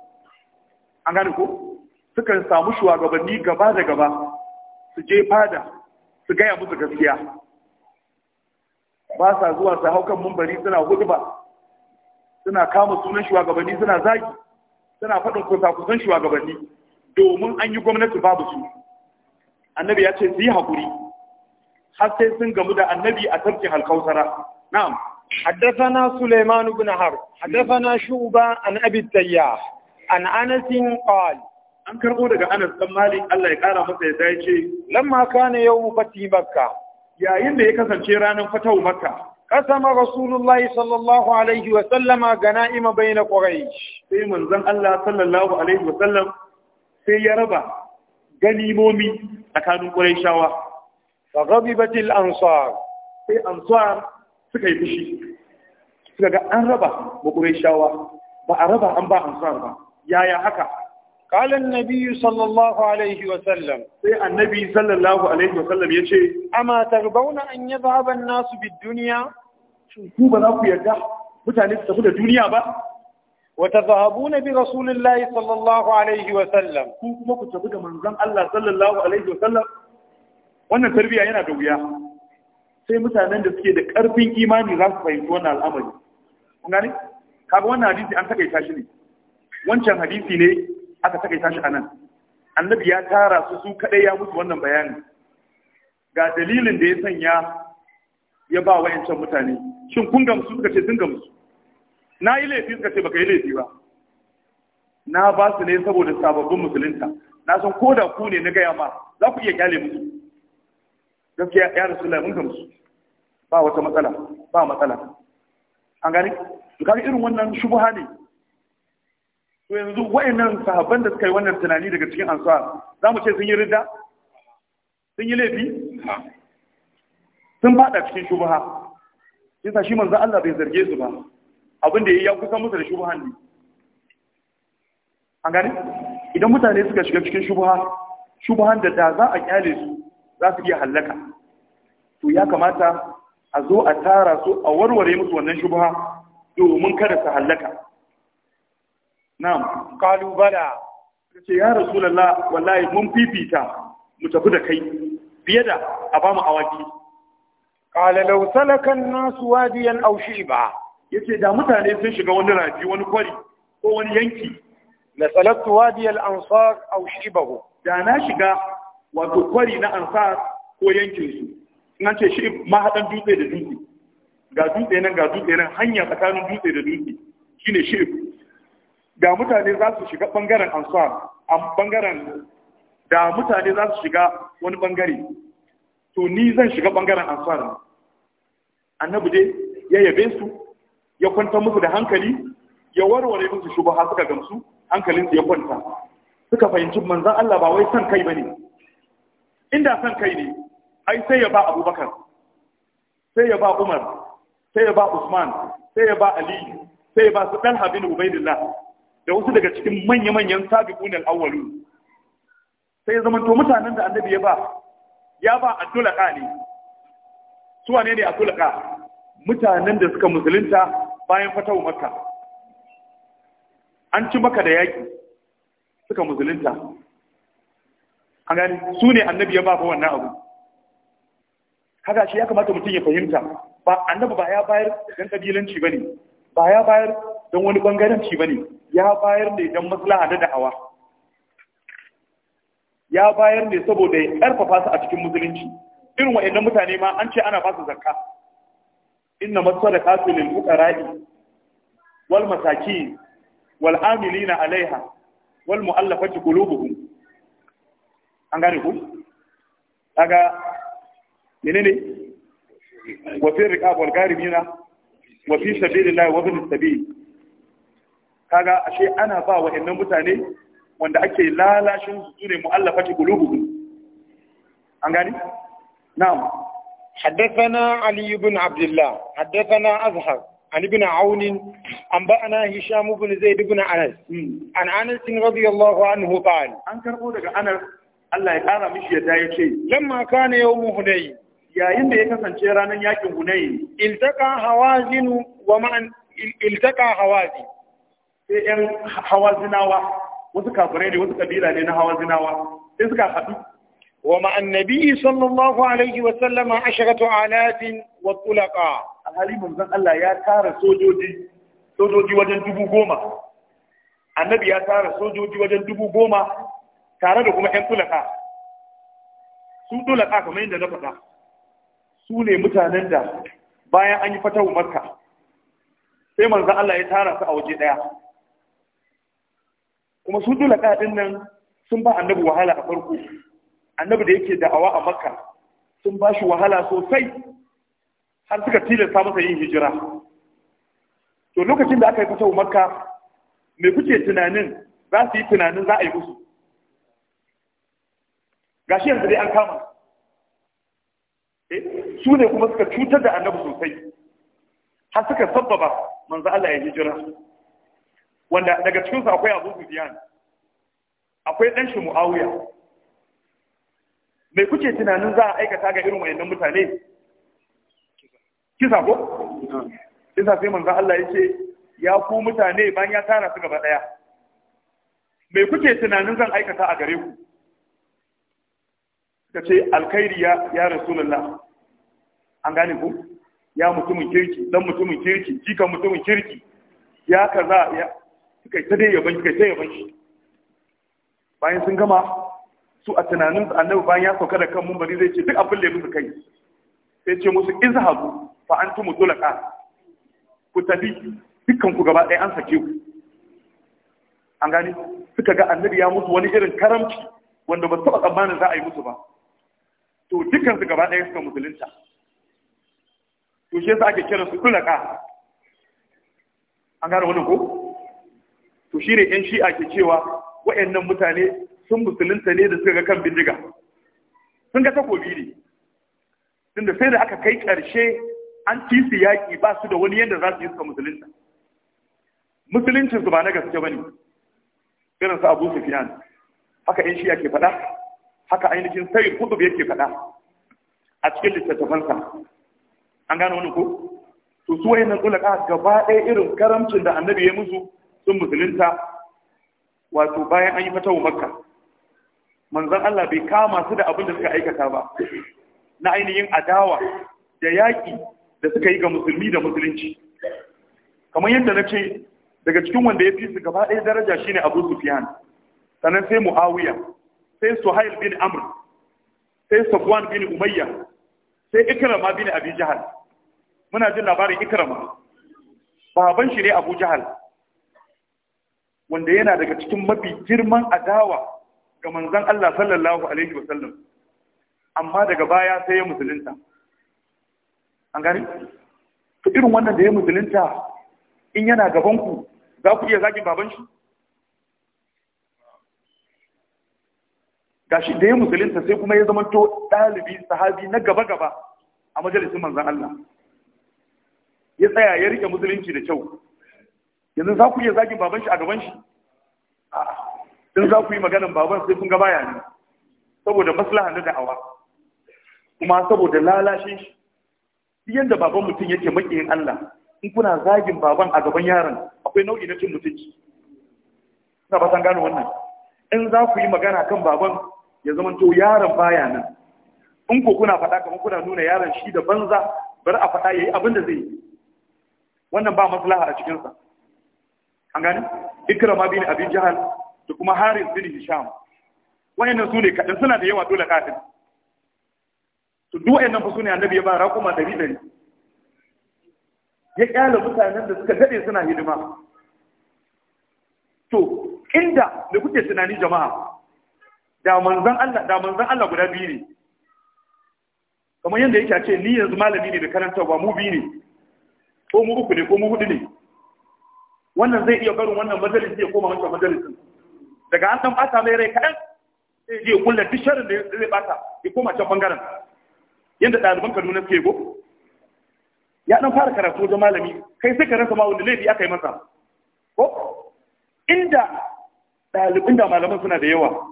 an gani ko sukan samu shugabanni gaba da gaba su je fada su gaya musu gaskiya ba sa zuwa su hau kan mumbari suna hudu ba suna kama sunan shugabanni suna zagi suna faɗin kusa-kusan shugabanni domin an yi gwamnati babu su annabi ya ce su yi haƙuri har sai sun gamu da annabi a tafkin alkausara na'am حدثنا سليمان بن na حدثنا شعبة عن أبي التياح an أنس قال an karɓo daga Anas dan Malik Allah ya kara masa ya ce lamma kana yawm fatih makka yayin da ya kasance ranar fatahu makka قسم رسول الله صلى الله عليه وسلم غنائم بين قريش sai manzon Allah sallallahu sai ya raba ganimomi tsakanin Qurayshawa fa ghabibatil ansar sai ansar suka yi fushi suka an raba ba Qurayshawa ba a raba an ba ansar ba yaya haka قال النبي صلى الله عليه وسلم سي النبي صلى الله عليه وسلم يشي أما تربون أن يذهب الناس بالدنيا شو بلاكو يرجع mutane su tafi da duniya ba وتذهبون برسول الله صلى الله عليه وسلم kuma ku tafi da manzon Allah sallallahu alaihi wasallam wannan tarbiya yana da wuya sai mutanen da suke da karfin imani za su fahimci wannan al'amari kun gane kaga wannan hadisi an takaita shi ne wancan hadisi ne aka takaita shi anan annabi ya tara su su kadai ya mutu wannan bayani ga dalilin da ya sanya ya ba wayancan mutane shin kun gamsu suka ce sun gamsu na yi laifi suka ce baka yi laifi ba na ba su ne saboda sababbin musulunta na san ko da ku ne na gaya ma za ku iya kyale musu gaskiya ya rasu mun gamsu ba wata matsala ba matsala an gani to kaga irin wannan shubha ne to yanzu wa'annan sahabban da suka yi wannan tunani daga cikin ansar za mu ce sun yi rida sun yi laifi sun fada cikin shubaha sa shi manzo Allah bai zarge su ba abin da ya kusa musu da shubahan ne an gane idan mutane suka shiga cikin shubaha shubahan da da za a kyale su za su iya hallaka to ya kamata a zo a tara su a warware musu wannan shubaha domin kada su hallaka na'am qalu bala ce ya rasulullah wallahi mun fifita mu tafi da kai fiye da a ba mu awaki qala law salaka an-nasu wadiyan aw shiba yace da mutane sun shiga wani rafi wani kwari ko wani yanki la salaktu wadiyal ansar aw shibahu da na shiga wato kwari na ansar ko yankin su ce shi mahadan dutse da dutse ga dutse nan ga dutse nan hanya tsakanin dutse da dutse shine shi da mutane za su shiga bangaren ansar a bangaren da mutane za su shiga wani bangare to ni zan shiga bangaren ansar annabi dai ya yabe su ya kwanta musu da hankali ya warware musu ha suka gamsu hankalinsu ya kwanta suka fahimci manzan Allah ba wai son kai bane inda son kai ne ai sai ya ba Abubakar sai ya ba Umar sai ya ba Usman sai ya ba Ali sai ya ba su Talha bin Ubaidillah da wasu daga cikin manya-manyan sabiqun al-awwalun sai ya zamanto mutanen da annabi ya ba ya ba atulaka ne su wane ne atulaka mutanen da suka musulunta bayan fatawa makka an ci maka da yaki suka musulunta an gani su ne annabi ya ba ba wannan abu kaga shi ya kamata mutum ya fahimta ba annabi ba ya bayar dan kabilanci bane ba ya bayar dan wani bangaranci bane ya bayar ne don maslaha da da'awa ya bayar ne saboda ya karfafa su a cikin musulunci irin wa'annan mutane ma an ce ana ba su zakka inna masadaqatu lil fuqara'i wal masaki wal amilina alaiha wal mu'allafati qulubuhum an gane ku daga menene wa fi riqab wal garibina wa fi sabilillahi wa fi sabil kaga ashe ana ba wa innan mutane wanda ake lalashin su ne mu'allafati qulubuhum an gani na'am حدثنا علي بن عبد الله حدثنا أزهر عن ابن عون أنبأنا هشام بن زيد بن أنس عن أنس رضي الله عنه قال أنكر قولك أنس Allah ya ƙara mishi yadda ya ce, Lamma kana yau mu hunayi. Yayin da ya kasance ranar yakin hunayi. Iltaka hawazinu wa ma'an sai yan hawa zinawa wasu kafirai ne wasu kabila ne na hawa zinawa sai suka haɗu wa ma'an nabi sallallahu alaihi wa sallama ashratu alatin wa tulaqa alhali manzon Allah ya tara sojoji sojoji wajen dubu goma annabi ya tara sojoji wajen dubu goma tare da kuma yan tulaqa su tulaqa kamar yadda na faɗa su ne mutanen da bayan an yi fatawar makka sai manzon Allah ya tara su a waje ɗaya. kuma su dole kaɗin nan sun ba annabi wahala a farko annabi da yake da'awa a makka sun ba shi wahala sosai har suka tilasta masa yin hijira to lokacin da aka yi fatawa makka me kuke tunanin za su yi tunanin za a yi musu gashi yanzu dai an kama eh, su ne kuma suka cutar da annabi sosai har suka sabbaba manzo Allah ya hijira wanda daga cikin su akwai Abu Sufyan akwai dan shi Muawiya mai kuke tunanin za a aikata ga irin wayannan mutane kisa ko kisa sai manzo Allah yake ya ku mutane bayan ya tara su gaba daya mai kuke tunanin zan aikata a gare ku Ka ce alkhairi ya ya rasulullah an gane ku ya mutumin kirki dan mutumin kirki jikan mutumin kirki ya kaza ya kai ta dai yaban kai ta yaban shi bayan sun gama su a tunanin annabi bayan ya sauka da kan mumbari zai ce duk abin da ya musu kai sai ce musu izhabu fa an tumu tulqa ku tafi dukkan ku gaba ɗaya an sake ku an gani suka ga annabi ya musu wani irin karamci wanda ba taɓa tsammanin za a yi musu ba to dukkan su gaba ɗaya suka musulunta to shi yasa ake kira su an gane wannan ko to ne yan shi'a ke cewa wayannan mutane sun musulunta ne da suka ga kan bindiga sun ga takobi ne tunda sai da aka kai ƙarshe an ci su yaƙi ba su da wani yadda za su yi suka musulunta musuluncin su ba na gaske ba ne irin su abu sufiyan haka yan shi'a ke faɗa haka ainihin sayin kutub yake faɗa a cikin littattafansa an gane wani ko to su wayan nan gaba ɗaya irin karamcin da annabi ya musu sun musulunta wato bayan an yi fatawo makka manzon Allah bai kama su da abin da suka aikata ba na ainihin adawa da yaƙi da suka yi ga musulmi da musulunci kamar yadda na ce daga cikin wanda ya fi su gaba ɗaya daraja shine abu sufyan sannan sai muawiya sai suhail bin amr sai safwan bin umayya sai ikrama bin abi jahal muna jin labarin ikrama baban shi ne abu jahal wanda yana daga cikin mafi girman adawa ga manzon Allah sallallahu alaihi wasallam amma daga baya sai ya musulunta an gani to irin wannan da ya musulunta in yana gaban ku za ku iya zagin baban shi gashi da ya musulunta sai kuma ya zama to dalibi sahabi na gaba gaba a majalisin manzon Allah ya tsaya ya rike musulunci da kyau yanzu za ku iya zagin baban shi a gaban shi in za ku yi maganin baban sai kun ga baya saboda maslaha na da'awa kuma saboda lalashin shi yadda baban mutum yake makiyin Allah in kuna zagin baban a gaban yaron akwai nau'i na cin mutunci ina ba san gano wannan in za ku yi magana kan baban ya zama to yaron baya nan in ko kuna faɗa kamar kuna nuna yaron shi da banza bari a faɗa yi abin da zai yi wannan ba maslaha a cikinsa an gani ikrama bin abi jahal da kuma haris bin hisham wayannan su ne kadan suna da yawa dole kafin to duk wayannan fa sune annabi ya ba raquma dari dari ya kyale mutanen da suka dade suna hidima to inda da kuke tunani jama'a da manzon Allah da manzon Allah guda biyu ne kamar yadda yake ce ni yanzu malami ne da karantarwa mu biyu ne ko mu uku ne ko mu hudu ne wannan zai iya barin wannan majalis ya koma wancan majalisin daga an dan bata mai rai kaɗan sai je kulla duk sharrin da zai bata ya koma can bangaren yadda ɗaliban Kaduna suke go ya dan fara karatu wajen malami kai sai ka rasa ma wanda laifi aka yi masa ko inda ɗalibin da malaman suna da yawa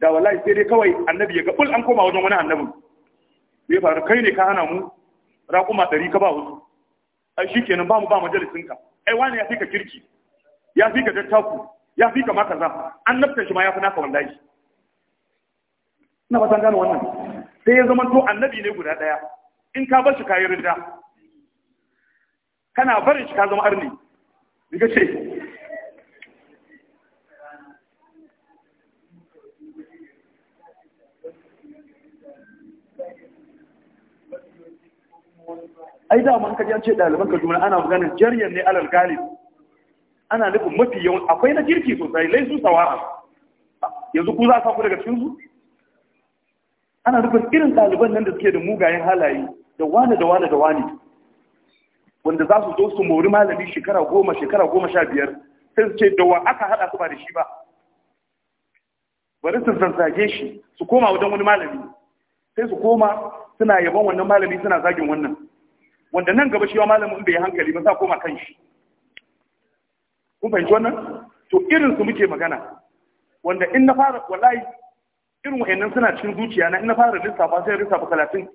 da wallahi sai dai kawai annabi ya ga kul an koma wajen wani annabin bai faru kai ne ka hana mu raƙuma ɗari ka ba wasu ai kenan, ba mu ba majalisinka wani ya fi ka kirki ya fi ka dattaku ya fi ka ma an annabtan shi ma ya fi naka wallahi ina ba gano wannan sai ya zama to annabi ne guda daya in ka bar shi kayi rinda kana barin shi ka zama arni diga ce ai da mun kaji an ce ɗaliban juna, ana maganar jariyar ne alal galib ana nufin mafi yawan akwai na kirki sosai laisu sawara yanzu ku za a ku daga cikin su ana nufin irin ɗaliban nan da suke da mugayen halaye da wani da wani da wani wanda za su zo su mori malami shekara goma shekara goma sha biyar sai su ce da wa aka haɗa su ba da shi ba bari su zanzage shi su koma wajen wani malami sai su koma suna yabon wannan malami suna zagin wannan wanda nan gaba shi wa malamin bai hankali ba sa koma kan shi kun fahimci wannan to irin su muke magana wanda in na fara wallahi irin wayannan suna cikin zuciya na in na fara lissafa sai lissafa talatin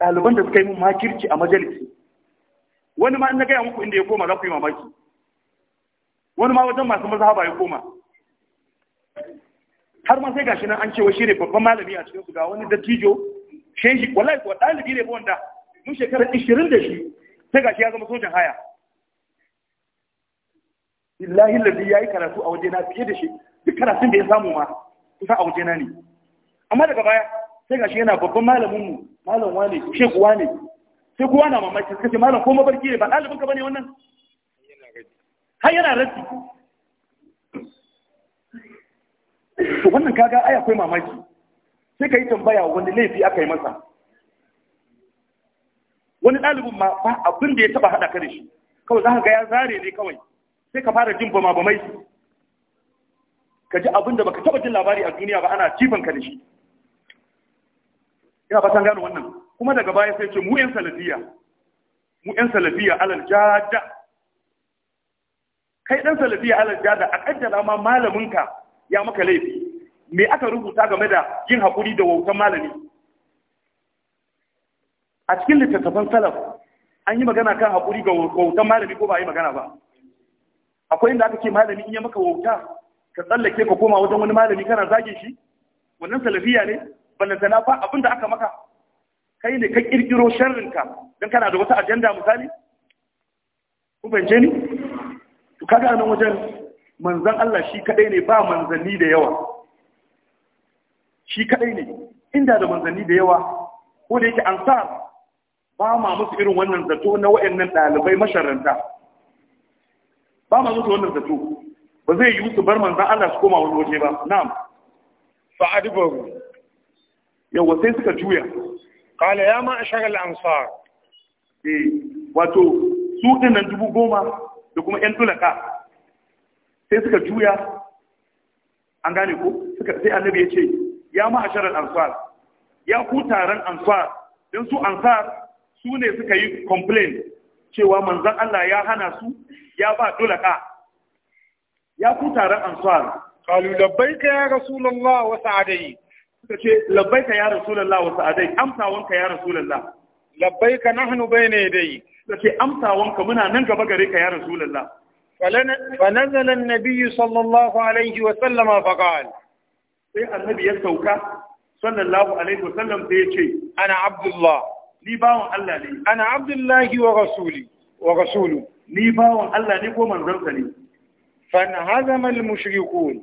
ɗaliban da suka yi mun makirci a majalisi wani ma in na gaya muku inda ya koma za ku yi mamaki wani ma wajen masu mazhaba ya koma har ma sai gashi nan an cewa shi ne babban malami a cikin su ga wani dattijo shi wallahi ko dalibi ne wanda mun shekara 20 da shi sai gashi ya zama sojan haya illahi lalli yayi karatu a waje na fiye da shi duk karatun da ya samu ma kusa a waje na ne amma daga baya sai gashi yana babban malamin mu malam wane kuwa ne sai kowa na mamaki kace malam ko mabarki ne ba dalibin ka bane wannan har yana raddi to wannan kaga ai akwai mamaki sai ka yi tambaya wani laifi aka yi masa wani ɗalibin ma ba abin da ya taɓa haɗa kare shi kawai za ka ga ya zare ne kawai sai ka fara jin bama su. ka ji abin da baka taɓa jin labari a duniya ba ana cifan ka da shi ina fatan gano wannan kuma daga baya sai ce mu 'yan salafiya mu 'yan salafiya alal jada kai ɗan salafiya alal jada a kaddara ma malaminka ya maka laifi me aka rubuta game da yin hakuri da wautan malami a cikin littattafan salaf an yi magana kan hakuri ga wautan malami ko ba yi magana ba akwai inda aka ce malami in yi maka wauta ka tsallake ka koma wajen wani malami kana zage shi wannan salafiya ne ballantana fa abinda aka maka kai ne ka kirkiro sharrinka don kana da wata ajanda misali ku bance ni to kaga nan wajen manzon Allah shi kadai ne ba manzanni da yawa shi kadai ne inda da manzanni da yawa ko da yake ansar ba ma musu irin wannan zato na wayannan dalibai masharanta ba ma musu wannan zato ba zai yi musu bar manzan Allah su koma wani waje ba na'am fa adbaru yawa sai suka juya qala ya ma ashagal ansar eh wato su dinnan dubu goma da kuma yan tulaka sai suka juya an gane ko sai annabi ya ce ya ma'asharar ansar ya ku taron ansar don su ansar su ne suka yi complain cewa manzan Allah ya hana su ya ba dulaka ya ku taron ansar kalu labbaika ya rasulullah wa sa'adai suka ce labbaika ya rasulullah wa sa'adai amsawanka ya rasulullah labbaika nahnu bayna yadayk suka ce amsawanka muna nan gaba gare ka ya rasulullah فنزل sallallahu صلى wa sallama وسلم فقال sai annabi ya sauka sallallahu alaihi wasallam sai ya ce ana abdullah ni bawon Allah ne ana abdullahi wa rasuli wa rasulu ni bawon Allah ne ko manzansa ne fa nahazama al mushrikun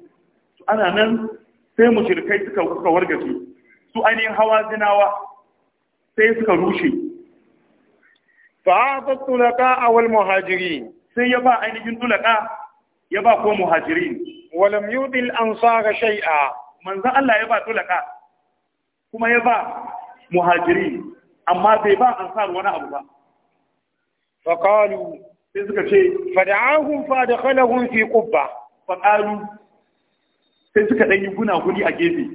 ana nan sai mushrikai suka suka wargaje su ainihin hawa zinawa sai suka rushe fa a'ta tulaqa wal muhajirin sai ya ba ainihin tulaqa ya ba ko muhajirin walam yudil ansara shay'a manzan Allah ya ba tulaka kuma ya ba muhajiri amma bai ba ansar wani abu ba qalu sai suka ce fada'ahum fa dakhalahum fi qubba qalu sai suka dan yi guna gunaguni a gefe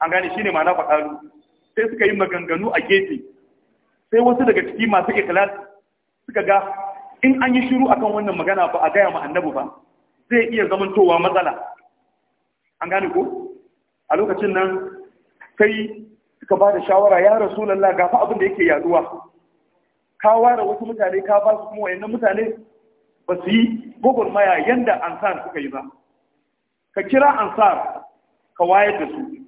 an gane shine ma'ana qalu sai suka yi maganganu a gefe sai wasu daga ciki masu ikhlas suka ga in an yi shiru akan wannan magana ba a gaya ma annabi ba zai iya zamantowa matsala an gane ko a lokacin nan kai suka ba da shawara ya rasulallah gafa abin da yake yaduwa ka ware wasu mutane ka ba su kuma wayannan mutane ba su yi gwagwarmaya yanda ansar suka yi ba ka kira ansar ka wayar da su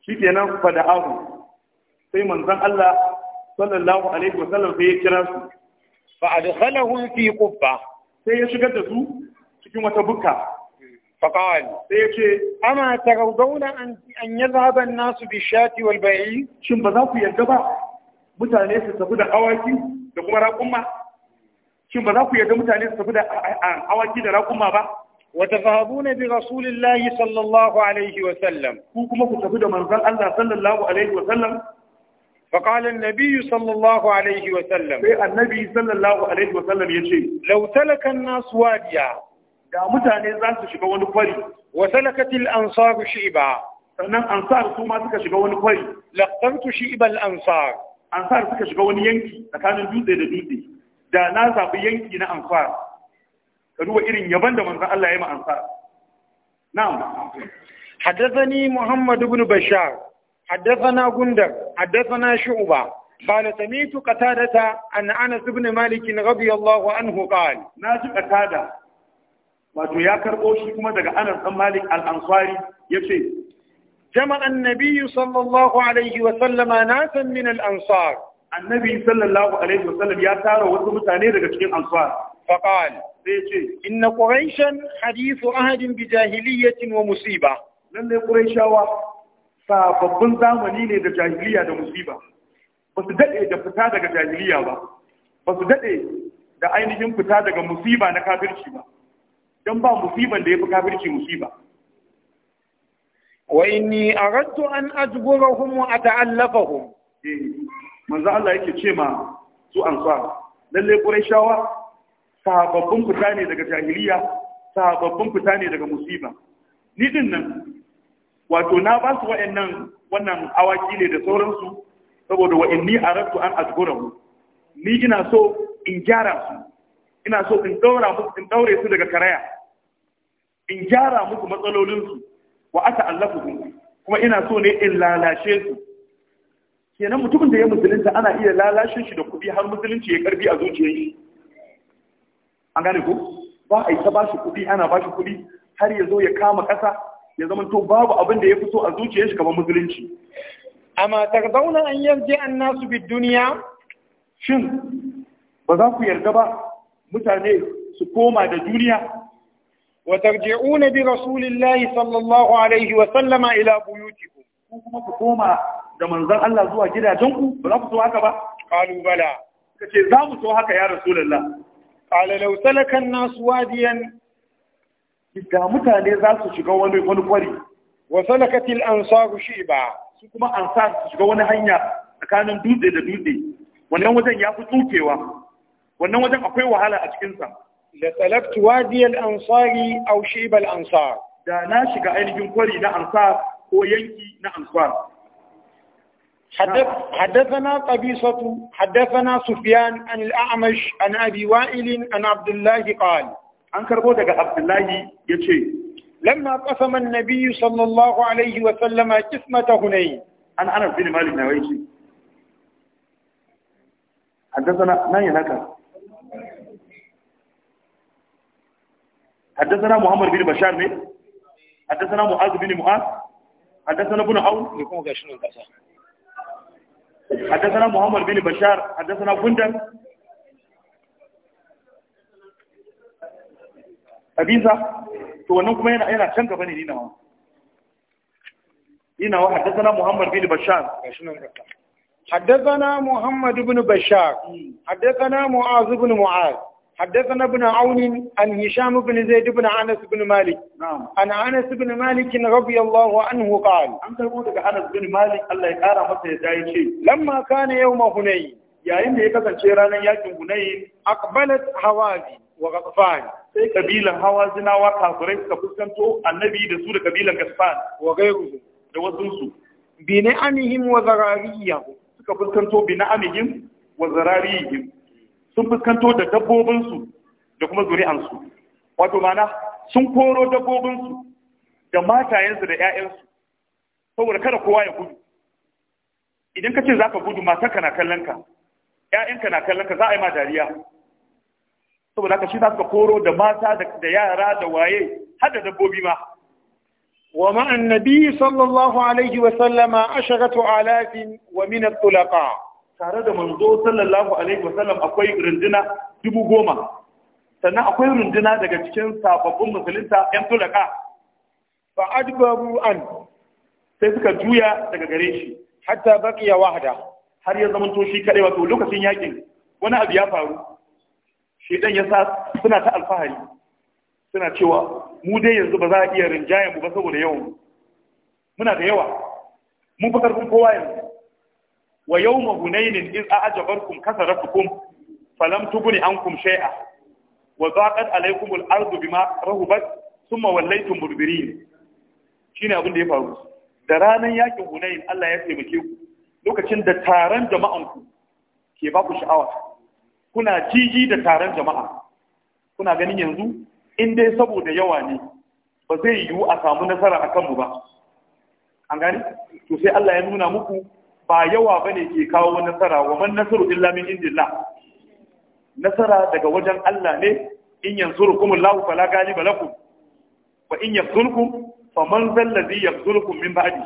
shi kenan abu sai manzon Allah sallallahu alaihi wa sallam sai ya kira su fa adkhalahum fi qubba sai ya shigar da su cikin wata bukka فقال سيكي أما ترضون أن أن يذهب الناس بالشاة والبعير شن بذاكو يجبا mutane su tafi da awaki da kuma shin ba za ku yarda mutane su tafi da awaki da raƙuma ba wa tafahabuna bi rasulillahi sallallahu alaihi wa sallam kuma ku tafi da Allah sallallahu alaihi wa sallam فقال النبي صلى الله عليه وسلم النبي صلى الله عليه وسلم يجي لو تلك الناس واديا da mutane za su shiga wani kwari wa salakatil ansaru shi'ba sannan ansar su ma suka shiga wani kwari laqtartu shi'bal ansar ansar suka shiga wani yanki tsakanin dutse da dutse da na zabi yanki na ansar ka duba irin yaban da manzon Allah ya yi ansar na'am حدثني محمد بن بشار حدثنا غندر حدثنا شعبة قال سمعت قتادة عن أنس بن مالك رضي الله عنه قال ناس قتادة wato ya karɓo shi kuma daga anas dan malik al-ansari yace jama'a annabi sallallahu alaihi wa sallama nasan min al-ansar annabi sallallahu alaihi wa sallam ya tara wasu mutane daga cikin ansar فقال bi قريشا حديث أهد بجاهلية ومصيبة لن قريشا sababbin zamani ne da jahiliya da musiba ba su daɗe da fita daga jahiliya ba ba su daɗe da ainihin fita daga musiba na kafirci ba don ba musiban da ya fi kafirci musiba Wai ni a rattu an ajburahum wa ata'allafahum eh, manzo Allah yake ce ma su Lallai, lalle shawa, sababbin fita ne daga jahiliya sababbin fita ne daga musiba ni din nan wato na ba su wa'annan wannan awaki ne da sauransu saboda ni a rattu an ajburahum ni ina so in gyara su ina so in daura musu in daure su daga karaya in gyara musu matsalolinsu wa aka allafu kuma ina so ne in lalashe su kenan mutumin da ya musulunta ana iya lalashe shi da kuɗi har musulunci ya karbi a zuciyar shi an gane ko ba a yi ta bashi kuɗi ana bashi kuɗi har ya zo ya kama ƙasa ya zama to babu abin da ya so a zuciyar shi kamar musulunci amma tarzauna an yarje an nasu bi duniya shin ba za ku yarda ba mutane su koma da duniya wa tarji'una bi rasulillahi sallallahu alaihi wa sallama ila buyutikum ku kuma ku koma da manzon Allah zuwa gidajenku ba za ku so haka ba qalu bala kace za mu so haka ya rasulullah qala law salaka an-nas wadiyan da mutane za su shiga wani kwari wa salakatil ansaru shiba su kuma ansar su shiga wani hanya tsakanin dutse da dutse wannan wajen ya fi tsukewa wannan wajen akwai wahala a cikinsa da talabtu wadiyal ansari aw shibal ansar da na shiga ainihin kwari na ansar ko yanki na ansar حدثنا قبيصة حدثنا سفيان عن الأعمش عن أبي وائل عن عبد الله قال عن كربوتك عبد الله يتشي لما قسم النبي صلى الله عليه وسلم قسمة هنين عن أنس بن مالك نويشي حدثنا ما ينكر حدثنا محمد بن بشار بن حدثنا معاذ بن معاذ حدثنا ابن عون ne kuma gashi حدثنا محمد بن بشار حدثنا بندر Abiza to wannan kuma yana yana can gaba ne ni nawa ni nawa حدثنا محمد بن بشار gashi nan kasa حدثنا محمد بن بشار حدثنا معاذ بن معاذ حدثنا ابن عون عن هشام بن زيد بن انس بن مالك نعم عن انس بن مالك رضي الله عنه قال an karbo daga Anas bin Malik Allah ya kara masa ya dai ce lamma kana yawma hunayn yayin da ya kasance ranar yakin hunayn aqbalat hawazi wa sai kabilan hawazinawa kafirai suka fuskanto annabi da su da kabilan gasfan wa gairu da wasu su bi na'amihim wa zarariyahum suka fuskanto bi na'amihim wa zarariyahum sun fuskanto da dabbobinsu da kuma zuri'ansu wato mana sun koro dabbobinsu da matayensu da 'ya'yansu saboda kada kowa ya gudu idan ka ce za ka gudu matanka na kallon ka 'ya'yanka na kallon ka za a yi ma dariya saboda haka shi za ka koro da mata da yara da waye har da dabbobi ma Wa sallallahu alaihi صلى a shagatu alafin wa min al-tulaqa tare da manzo sallallahu alaihi wasallam akwai runduna dubu goma sannan akwai runduna daga cikin sababbin musulunta yan tulaka fa adbaru an sai suka juya daga gare shi hatta baqiya wahda har ya zama to shi kade wato lokacin yakin wani abu ya faru shi ya sa suna ta alfahari suna cewa mu dai yanzu ba za a iya rinjayen mu ba saboda yawan muna da yawa mun fi karfin kowa yanzu wa yawma hunainin iz a'jabarkum kasaratukum falam an ankum shay'a wa zaqat alaykum al-ardu bima rahubat thumma wallaytum mudbirin shine abin da ya faru da ranar yakin hunain Allah ya taimake ku lokacin da taron jama'an ku ke ba ku sha'awa kuna jiji da taron jama'a kuna ganin yanzu in dai saboda yawa ne ba zai yiwu a samu nasara a kanmu ba an gani to sai Allah ya nuna muku ba yawa ba ne ke kawo nasara wa man nasaru illa min indillah nasara daga wajen Allah ne in yansurukum Allah fala ghaliba lakum wa in yakhzulkum man zal ladhi yakhzulukum min ba'di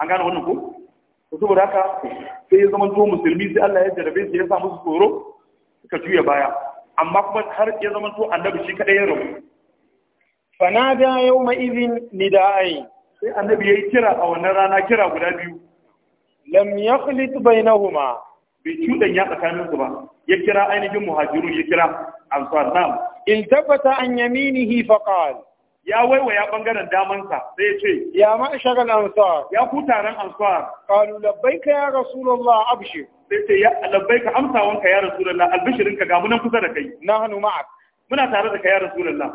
an gane wannan ko to saboda haka sai ya zama to musulmi sai Allah ya jarabe shi ya sa musu tsoro suka juya baya amma kuma har ya zama to annabi shi kadai ya rabu fanada yawma idhin nida'ai sai annabi yayi kira a wannan rana kira guda biyu lam yakhlit bainahuma bi cudan ya tsakanin su ba ya kira ainihin muhajirun ya kira ansar nam iltabata an yaminihi faqal ya waiwaya bangaren damansa sai ya ce ya ma'ashar ansar ya ku taron ansar qalu labbaika ya rasulullah abshir sai ce ya labbaika amsawanka ya rasulullah albishirinka ga munan kusa da kai nahnu ma'ak muna tare da kai ya rasulullah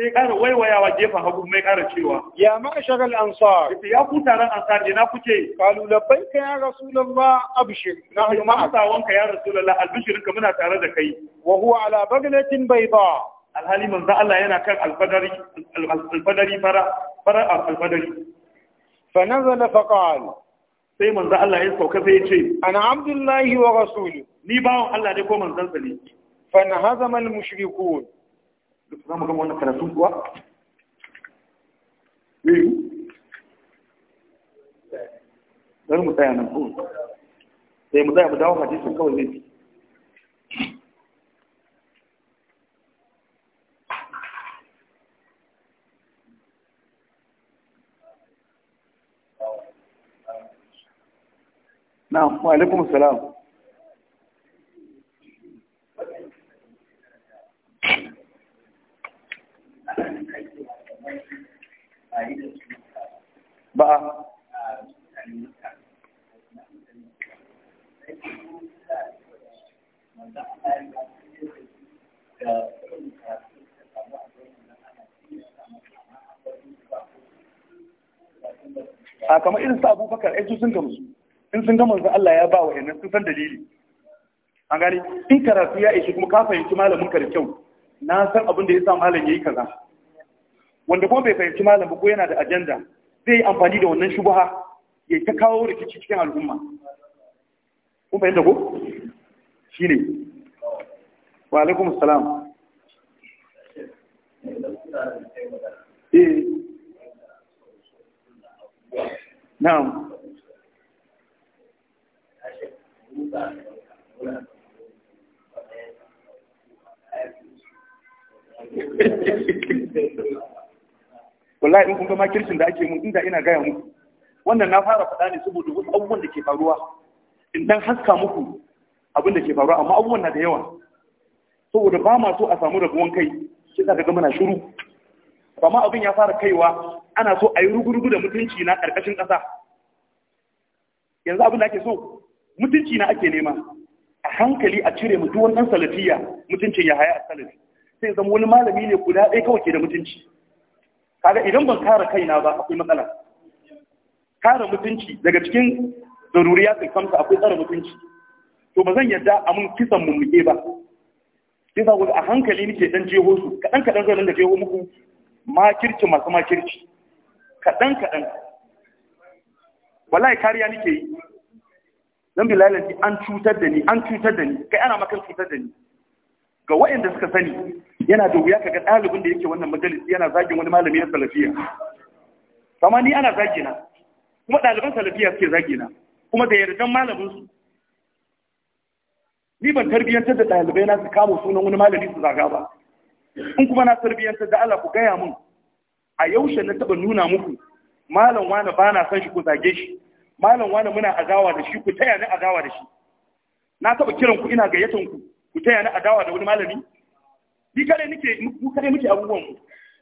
sai kara ƙara waiwayawa gefen hagu mai kara cewa ya ma'ashar al-ansar ya ku taron ansar ina kuke qalu labbaika ya rasulullah abshir nahnu ma'aka wanka ya rasulullah ka muna tare da kai wa huwa ala baglatin bayda alhali manzo Allah yana kan alfadari alfadari fara fara alfadari fa nazala fa qala sai manzo Allah ya sauka sai ya ce ana abdullahi wa rasuluhu. ni bawon Allah ne ko manzon sa ne fa nahazama al-mushrikun za mu a wannan karatun kuwa yiwu bari mu tsaya nan ko sai eh, mu tsaya mu dawo hadisin kawai na wa alaikum salam a kamar irin su abubakar ai sun gamsu in sun gama Allah ya ba wa yannan sun san dalili an gani in karatu ya ishi kuma ka fahimci malamin ka da kyau na san abin da ya sa malam yayi kaza wanda kuma bai fahimci malam ba ko yana da ajanda zai yi amfani da wannan shubuha ya ta kawo rikici cikin al'umma kun fahimta ko shine wa alaikum salam. eh na'am wallahi in kun ga makircin da ake mun inda ina gaya muku wannan na fara faɗa ne saboda wasu abubuwan da ke faruwa in dan haska muku abin da ke faruwa amma abubuwan na da yawa saboda ba ma so a samu rabuwan kai shi za ka ga shiru kama abin ya fara kaiwa ana so a yi rugurugu da mutunci na ƙarƙashin ƙasa yanzu abin da ake so mutunci na ake nema a hankali a cire mutu wannan salafiya mutuncin ya haya a salafi sai zama wani malami ne guda ɗaya kawai ke da mutunci kaga idan ban kare kaina ba akwai matsala kare mutunci daga cikin zaruriya sai kamsa akwai tsare mutunci to ba zan yarda a mun kisan muke ba sai sa a hankali nake dan jeho su kaɗan kaɗan zan da jeho muku makirci masu makirci kaɗan kaɗan wallahi kariya nake yi don lalace an cutar da ni an cutar da ni kai ana makar cutar da ni ga wa'inda suka sani yana da wuya kaga ɗalibin da yake wannan majalis yana zagin wani malami na salafiya sama ni ana zagi na kuma ɗaliban salafiya suke zagina, kuma da yardan malamin su ni ban tarbiyyantar da ɗalibai na su kama sunan wani malami su zaga ba in kuma na tarbiyyantar da Allah ku gaya mun a yaushe na taba nuna muku malam wani ba na san shi ku zage shi malam wani muna azawa da shi ku taya ni azawa da shi na taba kiran ku ina gayyatan ku ku taya ni azawa da wani malami ni kare nake mu kare muke abubuwan mu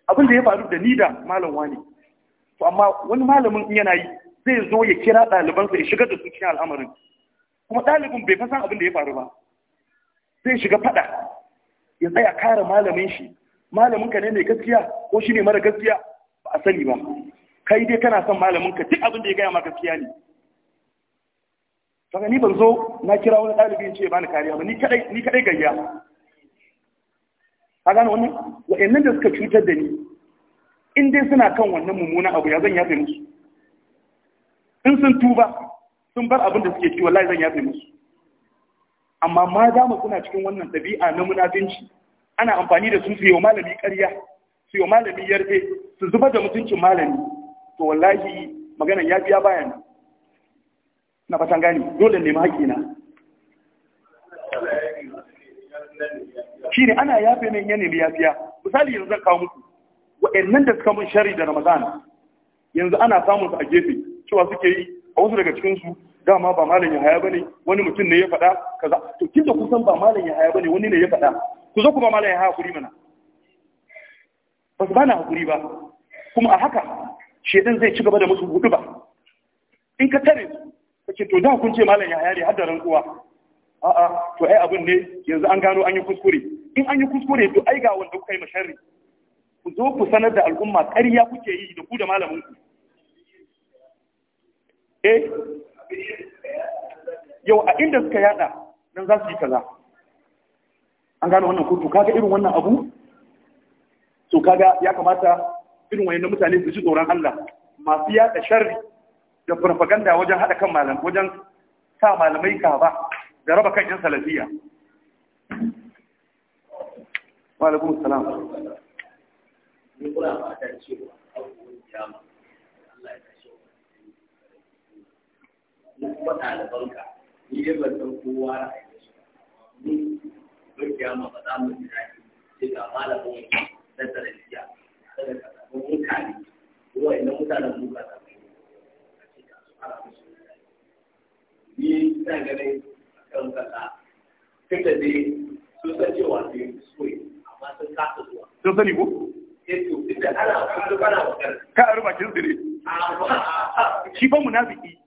abin da ya faru da ni da malam wani to amma wani malamin in yana yi zai zo ya kira ɗalibansa ya shigar da su cikin al'amarin kuma ɗalibin bai fasan abin da ya faru ba zai shiga faɗa ya tsaya kare malamin shi malamin ka ne mai gaskiya ko shi ne mara gaskiya ba a sani ba kai dai kana son malamin ka duk abin da ya gaya ma gaskiya ne saka ni ban zo na kira wani ɗalibi in ce ba ni kariya ba ni kadai ni kadai gayya ka gane wannan wa'annan da suka cutar da ni in dai suna kan wannan mummunan abu ya zan yafe musu in sun tuba sun bar abin da suke ci wallahi zan yafe musu amma ma za mu kuna cikin wannan ɗabi'a na munafinci ana amfani da su su yi wa malami ƙarya su yi malami yarfe su zubar da mutuncin malami to wallahi maganan ya biya bayan na fatan gani dole ne, haƙƙina shi ne ana yafe min ya nemi yafiya misali yanzu zan kawo muku waɗannan da suka mun shari da ramadan yanzu ana samun su a gefe cewa suke yi a wasu daga cikinsu dama ba malam ya haya bane wani mutum ne ya faɗa kaza to kin da kusan ba malam ya haya bane wani ne ya faɗa ku zo ku ba malam ya haya kuri mana ba su bana hakuri ba kuma a haka shedan zai ci gaba da musu hudu ba in ka tare su kace to da kun ce malam ya haya ne har da rantsuwa a'a to ai abin ne yanzu an gano an yi kuskure in an yi kuskure to ai ga wanda kuka yi masharri ku zo ku sanar da al'umma ƙarya kuke yi da ku da malamin ku eh yau a inda suka yada nan za su yi kaza an gano wannan kotu kaga irin wannan abu to kaga ya kamata irin da mutane su ji tsoron Allah masu yada sharri da propaganda wajen hada kan malam wajen sa malamai ka ba da raba kan yan salafiya wa alaikum assalam ni kula ba ta cewa abubuwan jama'a na kuma ɗalibanka ni dai ban san kowa da ake shi ni ban ba za mu ji daɗi sai ga malamin tattara jiya daga kasafin mutane kuma idan mutanen mu ka samu ni na ganin kan kasa duk da dai sun san cewa sai su amma sun kasa zuwa sun sani ko eh ka rubakin zire shi fa munafiki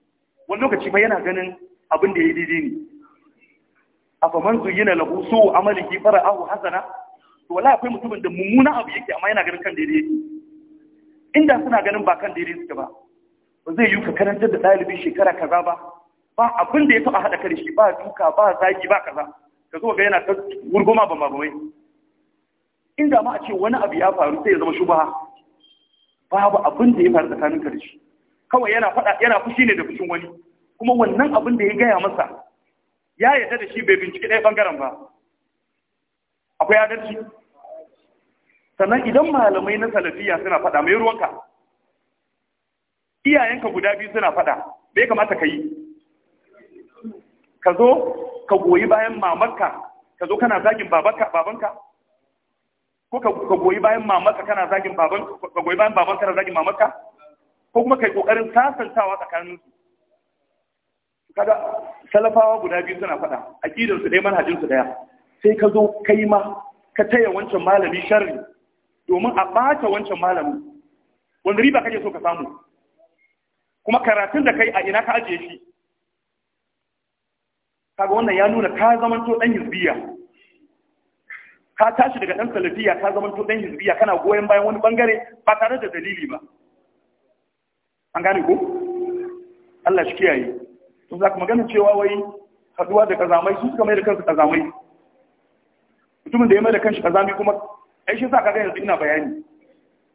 wani lokaci ba yana ganin abin da ya yi daidai ne a faman zuyina lahu so amalin fara ahu hasana to wala akwai mutumin da mummuna abu yake amma yana ganin kan daidai yake inda suna ganin ba kan daidai suke ba ba zai yi ka karantar da ɗalibin shekara kaza ba ba abin da ya taɓa haɗa karshe ba duka ba zagi ba kaza ka zo ga yana ta gurgoma ba mabawai inda ma a ce wani abu ya faru sai ya zama shubaha babu abin da ya faru tsakanin karshe kawai yana faɗa yana fushi ne da fushin wani kuma wannan abin da ya gaya masa ya yarda da shi bai binciki ɗaya bangaren ba akwai adalci sannan idan malamai na salafiya suna faɗa mai ruwanka iyayenka guda biyu suna faɗa bai kamata ka yi ka zo ka goyi bayan mamarka ka zo kana zagin babanka ko ka goyi bayan mamarka kana zagin babanka ka goyi bayan babanka kana zagin mamarka ko kuma kai kokarin sasantawa tsakanin su kaga salafawa guda biyu suna faɗa aqidar su dai manhajin su daya sai ka zo kai ma ka taya wancan malami sharri domin a ɓata wancan malamin wanda riba kake so ka samu kuma karatun da kai a ina ka ajiye shi kaga wannan ya nuna ka zamanto dan hizbiya ka tashi daga dan salafiya ka zamanto dan hizbiya kana goyon bayan wani bangare ba tare da dalili ba an gane ko Allah shi kiyaye to za ka magana cewa wai haduwa da kazamai su suka mai da kansu kazamai mutumin da ya mai da kanshi kazamai kuma ai shi sa ka gane ina bayani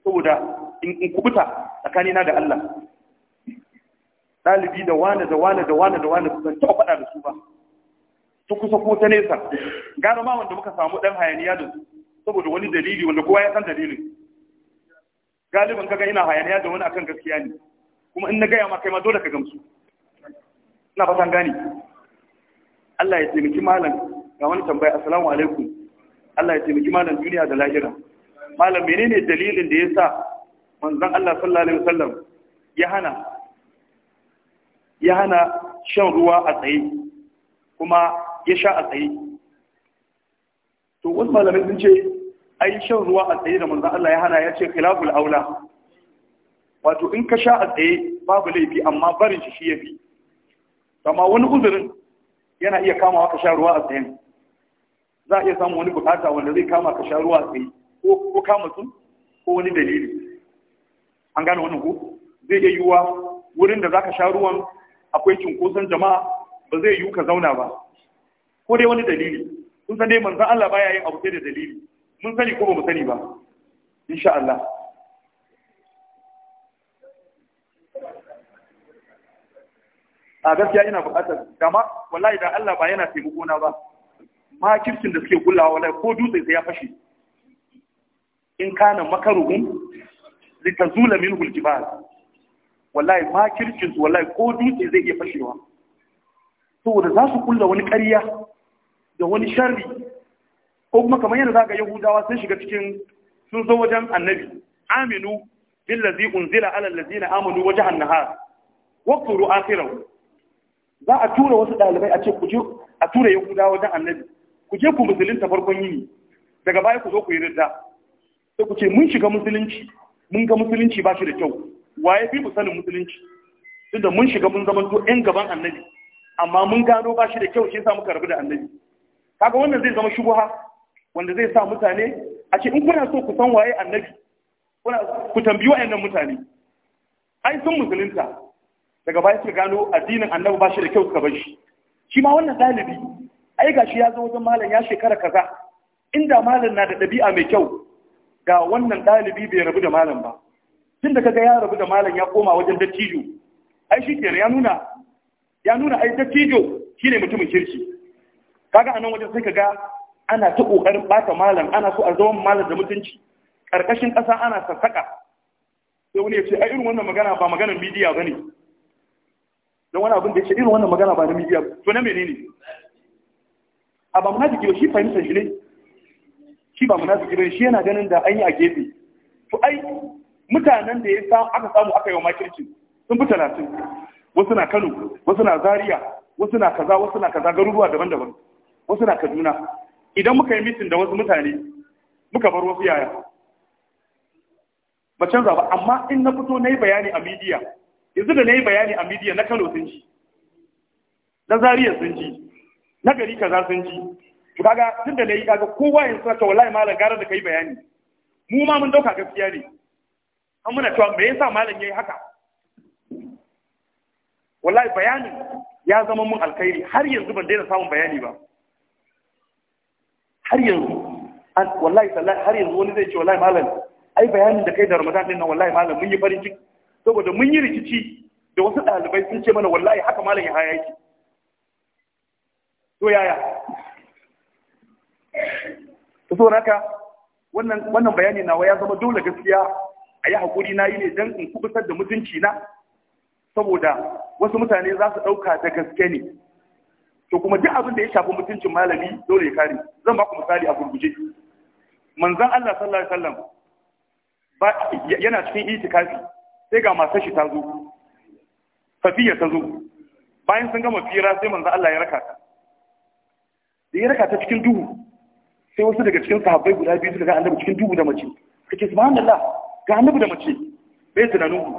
saboda in kubuta tsakanina da Allah Dalibi da wani da wani da wani da wani ban taɓa faɗa da su ba ta kusa ko ta nesa gano ma wanda muka samu ɗan hayaniya da su saboda wani dalili wanda kowa ya san dalilin Galibin kaga ina hayaniya da wani akan gaskiya ne kuma in na gaya ma kai ma dole ka gamsu ina fatan gani Allah ya taimaki malam ga wani tambaya assalamu alaikum Allah ya taimaki malam duniya da lahira malam menene dalilin da yasa manzon Allah sallallahu alaihi wasallam ya hana ya hana shan ruwa a tsaye kuma ya sha a tsaye to wasu malamai sun ce ai shan ruwa a tsaye da manzon Allah ya hana ya ce khilaful aula wato in ka sha a tsaye babu laifi amma barin shi shi ya fi amma wani uzurin yana iya kama ka sha ruwa a tsaye za a iya samun wani bukata wanda zai kama ka sha ruwa a tsaye ko kama su ko wani dalili an gane wannan ko zai iya yiwuwa wurin da za ka sha ruwan akwai cunkoson jama'a ba zai yiwu ka zauna ba ko dai wani dalili kun san dai manzon Allah baya yin abu sai da dalili mun sani ko ba mu sani ba insha Allah a gaskiya ina buƙatar dama wallahi da Allah ba yana taimako na ba ma kirkin da suke kullawa wallahi ko dutse sai ya fashe in kana makaruhum litazula minhu aljibal wallahi ma kirkin su wallahi ko dutse zai iya fashewa saboda za su kulla wani ƙarya da wani sharri ko kuma kamar yadda zaka yahudawa sun shiga cikin sun zo wajen annabi aminu billazi unzila ala allazina amanu wajhan nahar wa qulu akhirahu za a tura wasu ɗalibai a ce ku je a tura yahudawa wajen annabi ku je ku musulunta farkon yini daga baya ku zo ku yi ridda sai ku ce mun shiga musulunci mun ga musulunci ba shi da kyau waye fi mu sanin musulunci duk da mun shiga mun zama to ƴan gaban annabi amma mun gano ba shi da kyau shi yasa muka rabu da annabi kaga wannan zai zama shubuha wanda zai sa mutane a ce in kuna so ku san waye annabi kuna ku tambayi wa'annan mutane ai sun musulunta daga baya suka gano addinin annabi ba shi da kyau suka bar shi shi ma wannan dalibi. ai gashi ya zo wajen malam ya shekara kaza inda malam na da dabi'a mai kyau ga wannan dalibi bai rabu da malam ba tun da kaga ya rabu da malam ya koma wajen dattijo ai shi ke ya nuna ya nuna ai dattijo shine mutumin kirki kaga anan wajen sai kaga ana ta kokarin bata malam ana so a zama malam da mutunci karkashin ƙasa ana sassaka sai wani ya ce ai irin wannan magana ba maganar bidiya bane don wani abin da ya ce irin wannan magana ba na midiya ba to na menene a ba munafiki ba shi fahimtar shi ne shi ba munafiki ba shi yana ganin da an yi a gefe to ai mutanen da ya sa aka samu aka yi makirci sun fi talatin wasu na Kano wasu na Zaria wasu na kaza wasu na kaza garuruwa daban-daban wasu na Kaduna idan muka yi mitin da wasu mutane muka bar wasu yaya ba canza ba amma in na fito na yi bayani a midiya yanzu da na yi bayani a midiya na kano sun ji na zariya sun ji na gari kaza sun ji to kaga tun da na yi kaga kowa yin suna cewa layi malam gara da kai bayani mu ma mun dauka gaskiya ne an muna cewa me yasa malam yayi haka wallahi bayanin ya zama mun alkhairi har yanzu ban daina samun bayani ba har yanzu wallahi har yanzu wani zai ce wallahi malam ai bayanin da kai da ramadan din nan wallahi malam mun yi farin ciki saboda mun yi rikici da wasu ɗalibai sun ce mana wallahi haka malam ya haya yake to yaya to so naka wannan wannan bayani nawa ya zama dole gaskiya a yi hakuri na yi ne dan in kubutar da mutunci na saboda wasu mutane za su ɗauka da gaske ne to kuma duk abin da ya shafi mutuncin malami dole ya kare zan ba misali a gurguje manzon Allah sallallahu alaihi wasallam yana cikin itikafi sai ga masu shi ta zo safiya ta zo bayan sun gama fira sai manzo Allah ya raka ta da ya raka ta cikin duhu sai wasu daga cikin sahabbai guda biyu suka ga annabi cikin duhu da mace kace subhanallah ga annabi da mace bai tunanin ku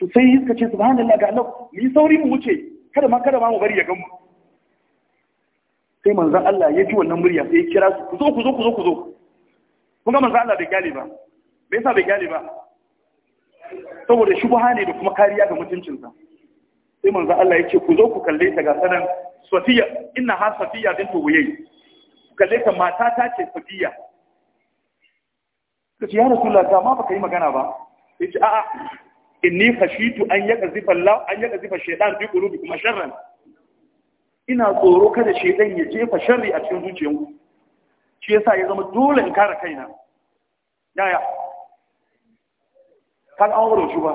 to sai suka ce subhanallah ga annabi mu sauri mu wuce kada ma kada ma mu bari ya gamu sai manzo Allah ya ji wannan murya sai ya kira su ku zo ku zo ku zo ku zo kun ga manzo Allah da kyale ba me sa bai kyale ba saboda shi buha ne da kuma kariya ga mutuncinsa sai manzo Allah ya ce ku zo ku kalle ta ga sanan Safiya inna ha Safiya bintu Huyay ku kalle ta mata ta ce Safiya kace ya Rasulullah ta ma baka yi magana ba yace a'a inni khashitu an yaqzifa Allah an yaqzifa shaytan bi qulubikum sharran ina tsoro kada shaytan ya jefa sharri a cikin zuciyanku shi yasa ya zama dole in kare kaina yaya ka ga amurin shi ba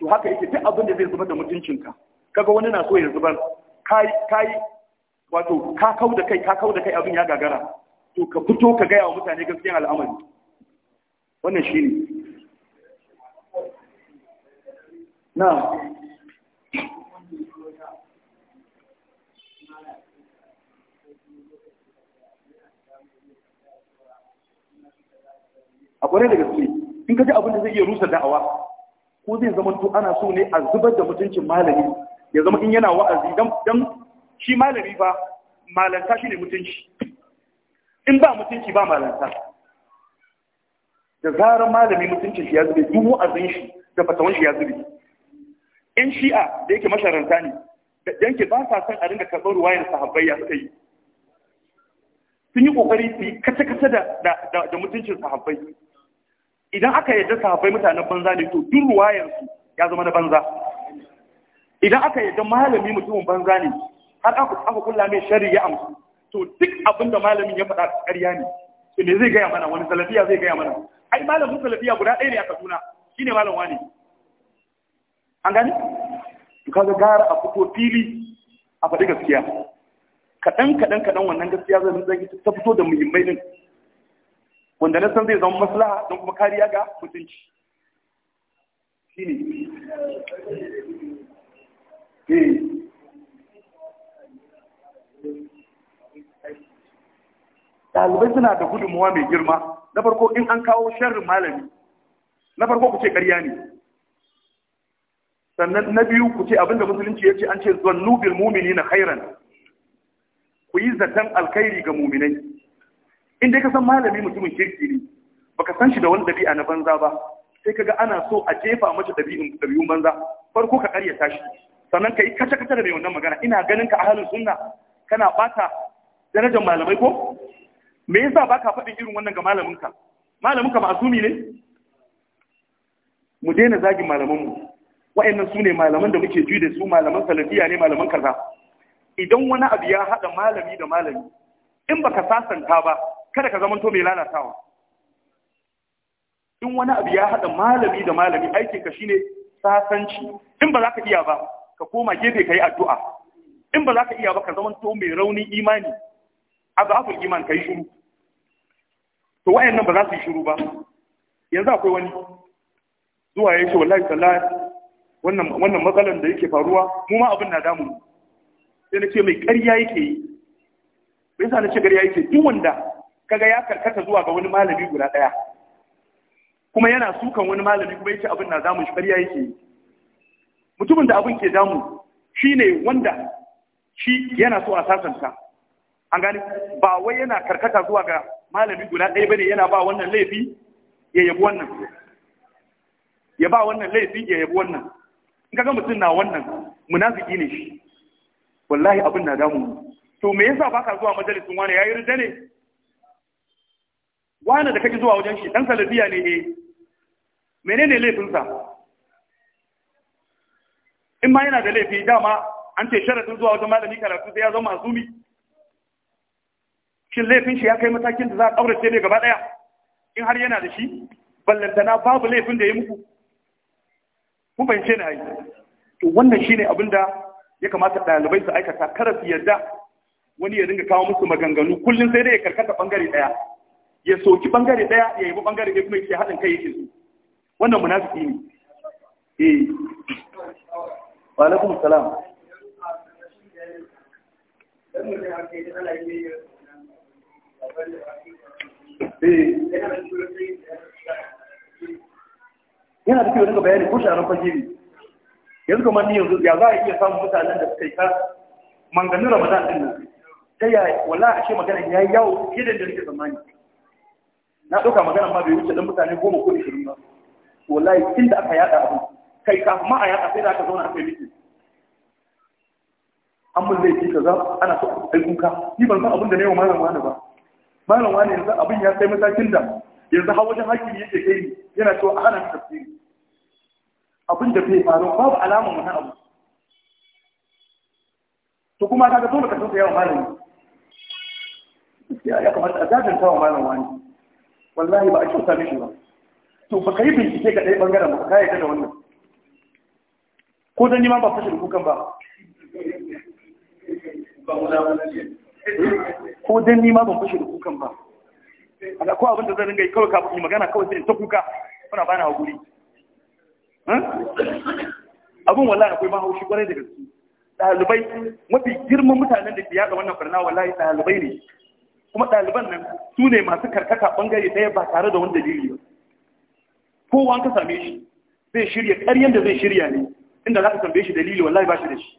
to haka yake duk abin da zai zubar da mutuncinka kaga wani na so ya zubar kai wato ka kau da kai ka kau da kai abin ya gagara to ka fito ka gaya wa mutane gaskiyar al'amari wannan shi ne na a kwarai da gaske in ka ji abin da zai iya rusa da'awa ko zai zama to ana so ne a zubar da mutuncin malami ya zama in yana wa'azi don shi malami ba malanta shine mutunci in ba mutunci ba malanta da zarar malami mutuncin shi ya zube duk wa'azin shi da fatawan shi ya zube in shi'a da yake masharanta ne da yanke ba sa son a ringa karɓar ruwayar sahabbai ya suka yi sun yi ƙoƙari su yi kace-kace da mutuncin sahabbai idan aka yadda sahabbai mutanen banza ne to duk ruwayansu ya zama na banza idan aka yadda malami mutumin banza ne har aka aka kulla mai shari ya amsu to duk abin da malamin ya faɗa ƙarya ne to me zai gaya mana wani salafiya zai gaya mana ai malamin salafiya guda ɗaya ne a Kaduna shine malam wani an gani to kaga gara a fito fili a faɗi gaskiya kaɗan kaɗan kaɗan wannan gaskiya zai ta fito da muhimmai din wanda nan san zai zama maslaha don kuma kariya ga mutunci shine eh ɗalibai suna da gudunmuwa mai girma na farko in an kawo sharrin malami na farko ku ce ƙarya ne sannan na biyu ku ce abinda musulunci ya ce an ce zannu bil mumini na khairan ku yi zaton alkhairi ga muminai in dai ka san malami mutumin kirki ne baka san shi da wani dabi'a na banza ba sai kaga ana so a jefa mata dabi'un dabi'un banza farko ka ƙarya tashi, sannan ka yi kace kace da mai wannan magana ina ganin ka ahlus sunna kana bata darajar malamai ko me yasa baka faɗin irin wannan ga malamin ka malamin ka ma'asumi ne mu daina zagin malaman mu wa'annan su ne malaman da muke ji da su malaman salafiya ne malaman kaza idan wani abu ya haɗa malami da malami in baka sasanta ba kada ka zamanto mai lalatawa in wani abu ya haɗa malami da malami aikinka ka shine sasanci in ba za ka iya ba ka koma gefe ka yi addu'a in ba za ka iya ba ka zamanto mai raunin imani a abu iman ka yi shuru to wayannan ba za su yi shuru ba yanzu akwai wani zuwa ya yi ce wallahi sallah wannan matsalar da yake faruwa mu ma abin na damu sai na ce mai ƙarya yake yi bai sa na ce ƙarya yake duk wanda kaga ya karkata zuwa ga wani malami guda ɗaya kuma yana sukan wani malami kuma yace abin na zamu shi ƙarya yake mutumin da abin ke damu shine wanda shi yana so a sasanta an gani ba wai yana karkata zuwa ga malami guda ɗaya bane yana ba wannan laifi ya yabi wannan ya ba wannan laifi ya yabi wannan in kaga mutum na wannan munafiki ne shi wallahi abin na damu to me yasa baka zuwa majalisin wani yayi rida ne wane da kake zuwa wajen shi dan salafiya ne eh menene laifinsa in ma yana da laifi dama an ce sharadin zuwa wajen malami karatu sai ya zama azumi shin laifin shi ya kai matakin da za a ce ne gaba ɗaya in har yana da shi ballantana babu laifin da ya muku Ku fahimce ne ai to wannan shine abin da ya kamata ɗalibai su aikata kada su yarda wani ya dinga kawo musu maganganu kullum sai dai ya karkata bangare ɗaya ya soki bangare daya ya yi bangare ya kuma yake haɗin kai yake so wannan munafiki ne eh alaikum salam eh. yana da kyau daga bayani ko sharan fajiri yanzu kamar ni yanzu ya za a iya samun mutanen da suka yi ta manganin ramadan din nan ta yaya wala a ce maganin ya yi yawo fiye da nake zamani na ɗauka magana ma bai wuce dan mutane goma ko ishirin ba wallahi inda aka yaɗa abu kai kafin ma a yaɗa sai da aka zauna aka yi miki an mun zai ci kaza ana so ai kuka ni ban san abin da ne wa malam wani ba malam wani yanzu abin ya kai matakin da yanzu har wajen hakimi yake kai yana cewa a hana tafsiri abin da bai faru babu alama na abu to kuma kaga dole ka tauka yawa malami ya kamata a jajanta wa malam wani wallahi ba a kyauta mishi ba to ba ka yi bincike ga ɗaya ɓangaren ba ka yi da wannan ko dan ma ba fashe da kukan ba ko dan ma ba fashe da kukan ba ala ko abin da zan ringa yi kawai kafin yi magana kawai sai ta kuka kuna bana hakuri abin wallahi akwai ban haushi kwarai da gaske ɗalibai mafi girman mutanen da ke yaɗa wannan barna wallahi ɗalibai ne kuma ɗaliban nan su ne masu karkata ɓangare ɗaya ba tare da wanda dalili ba kowa an ka same shi zai shirya ƙaryen da zai shirya ne inda za ka tambaye shi dalili wallahi ba shi da shi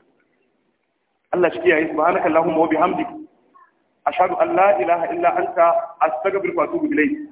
Allah shi kiyaye subhanaka allahumma wa bihamdik ashhadu an la ilaha illa anta astaghfiruka wa atubu ilayk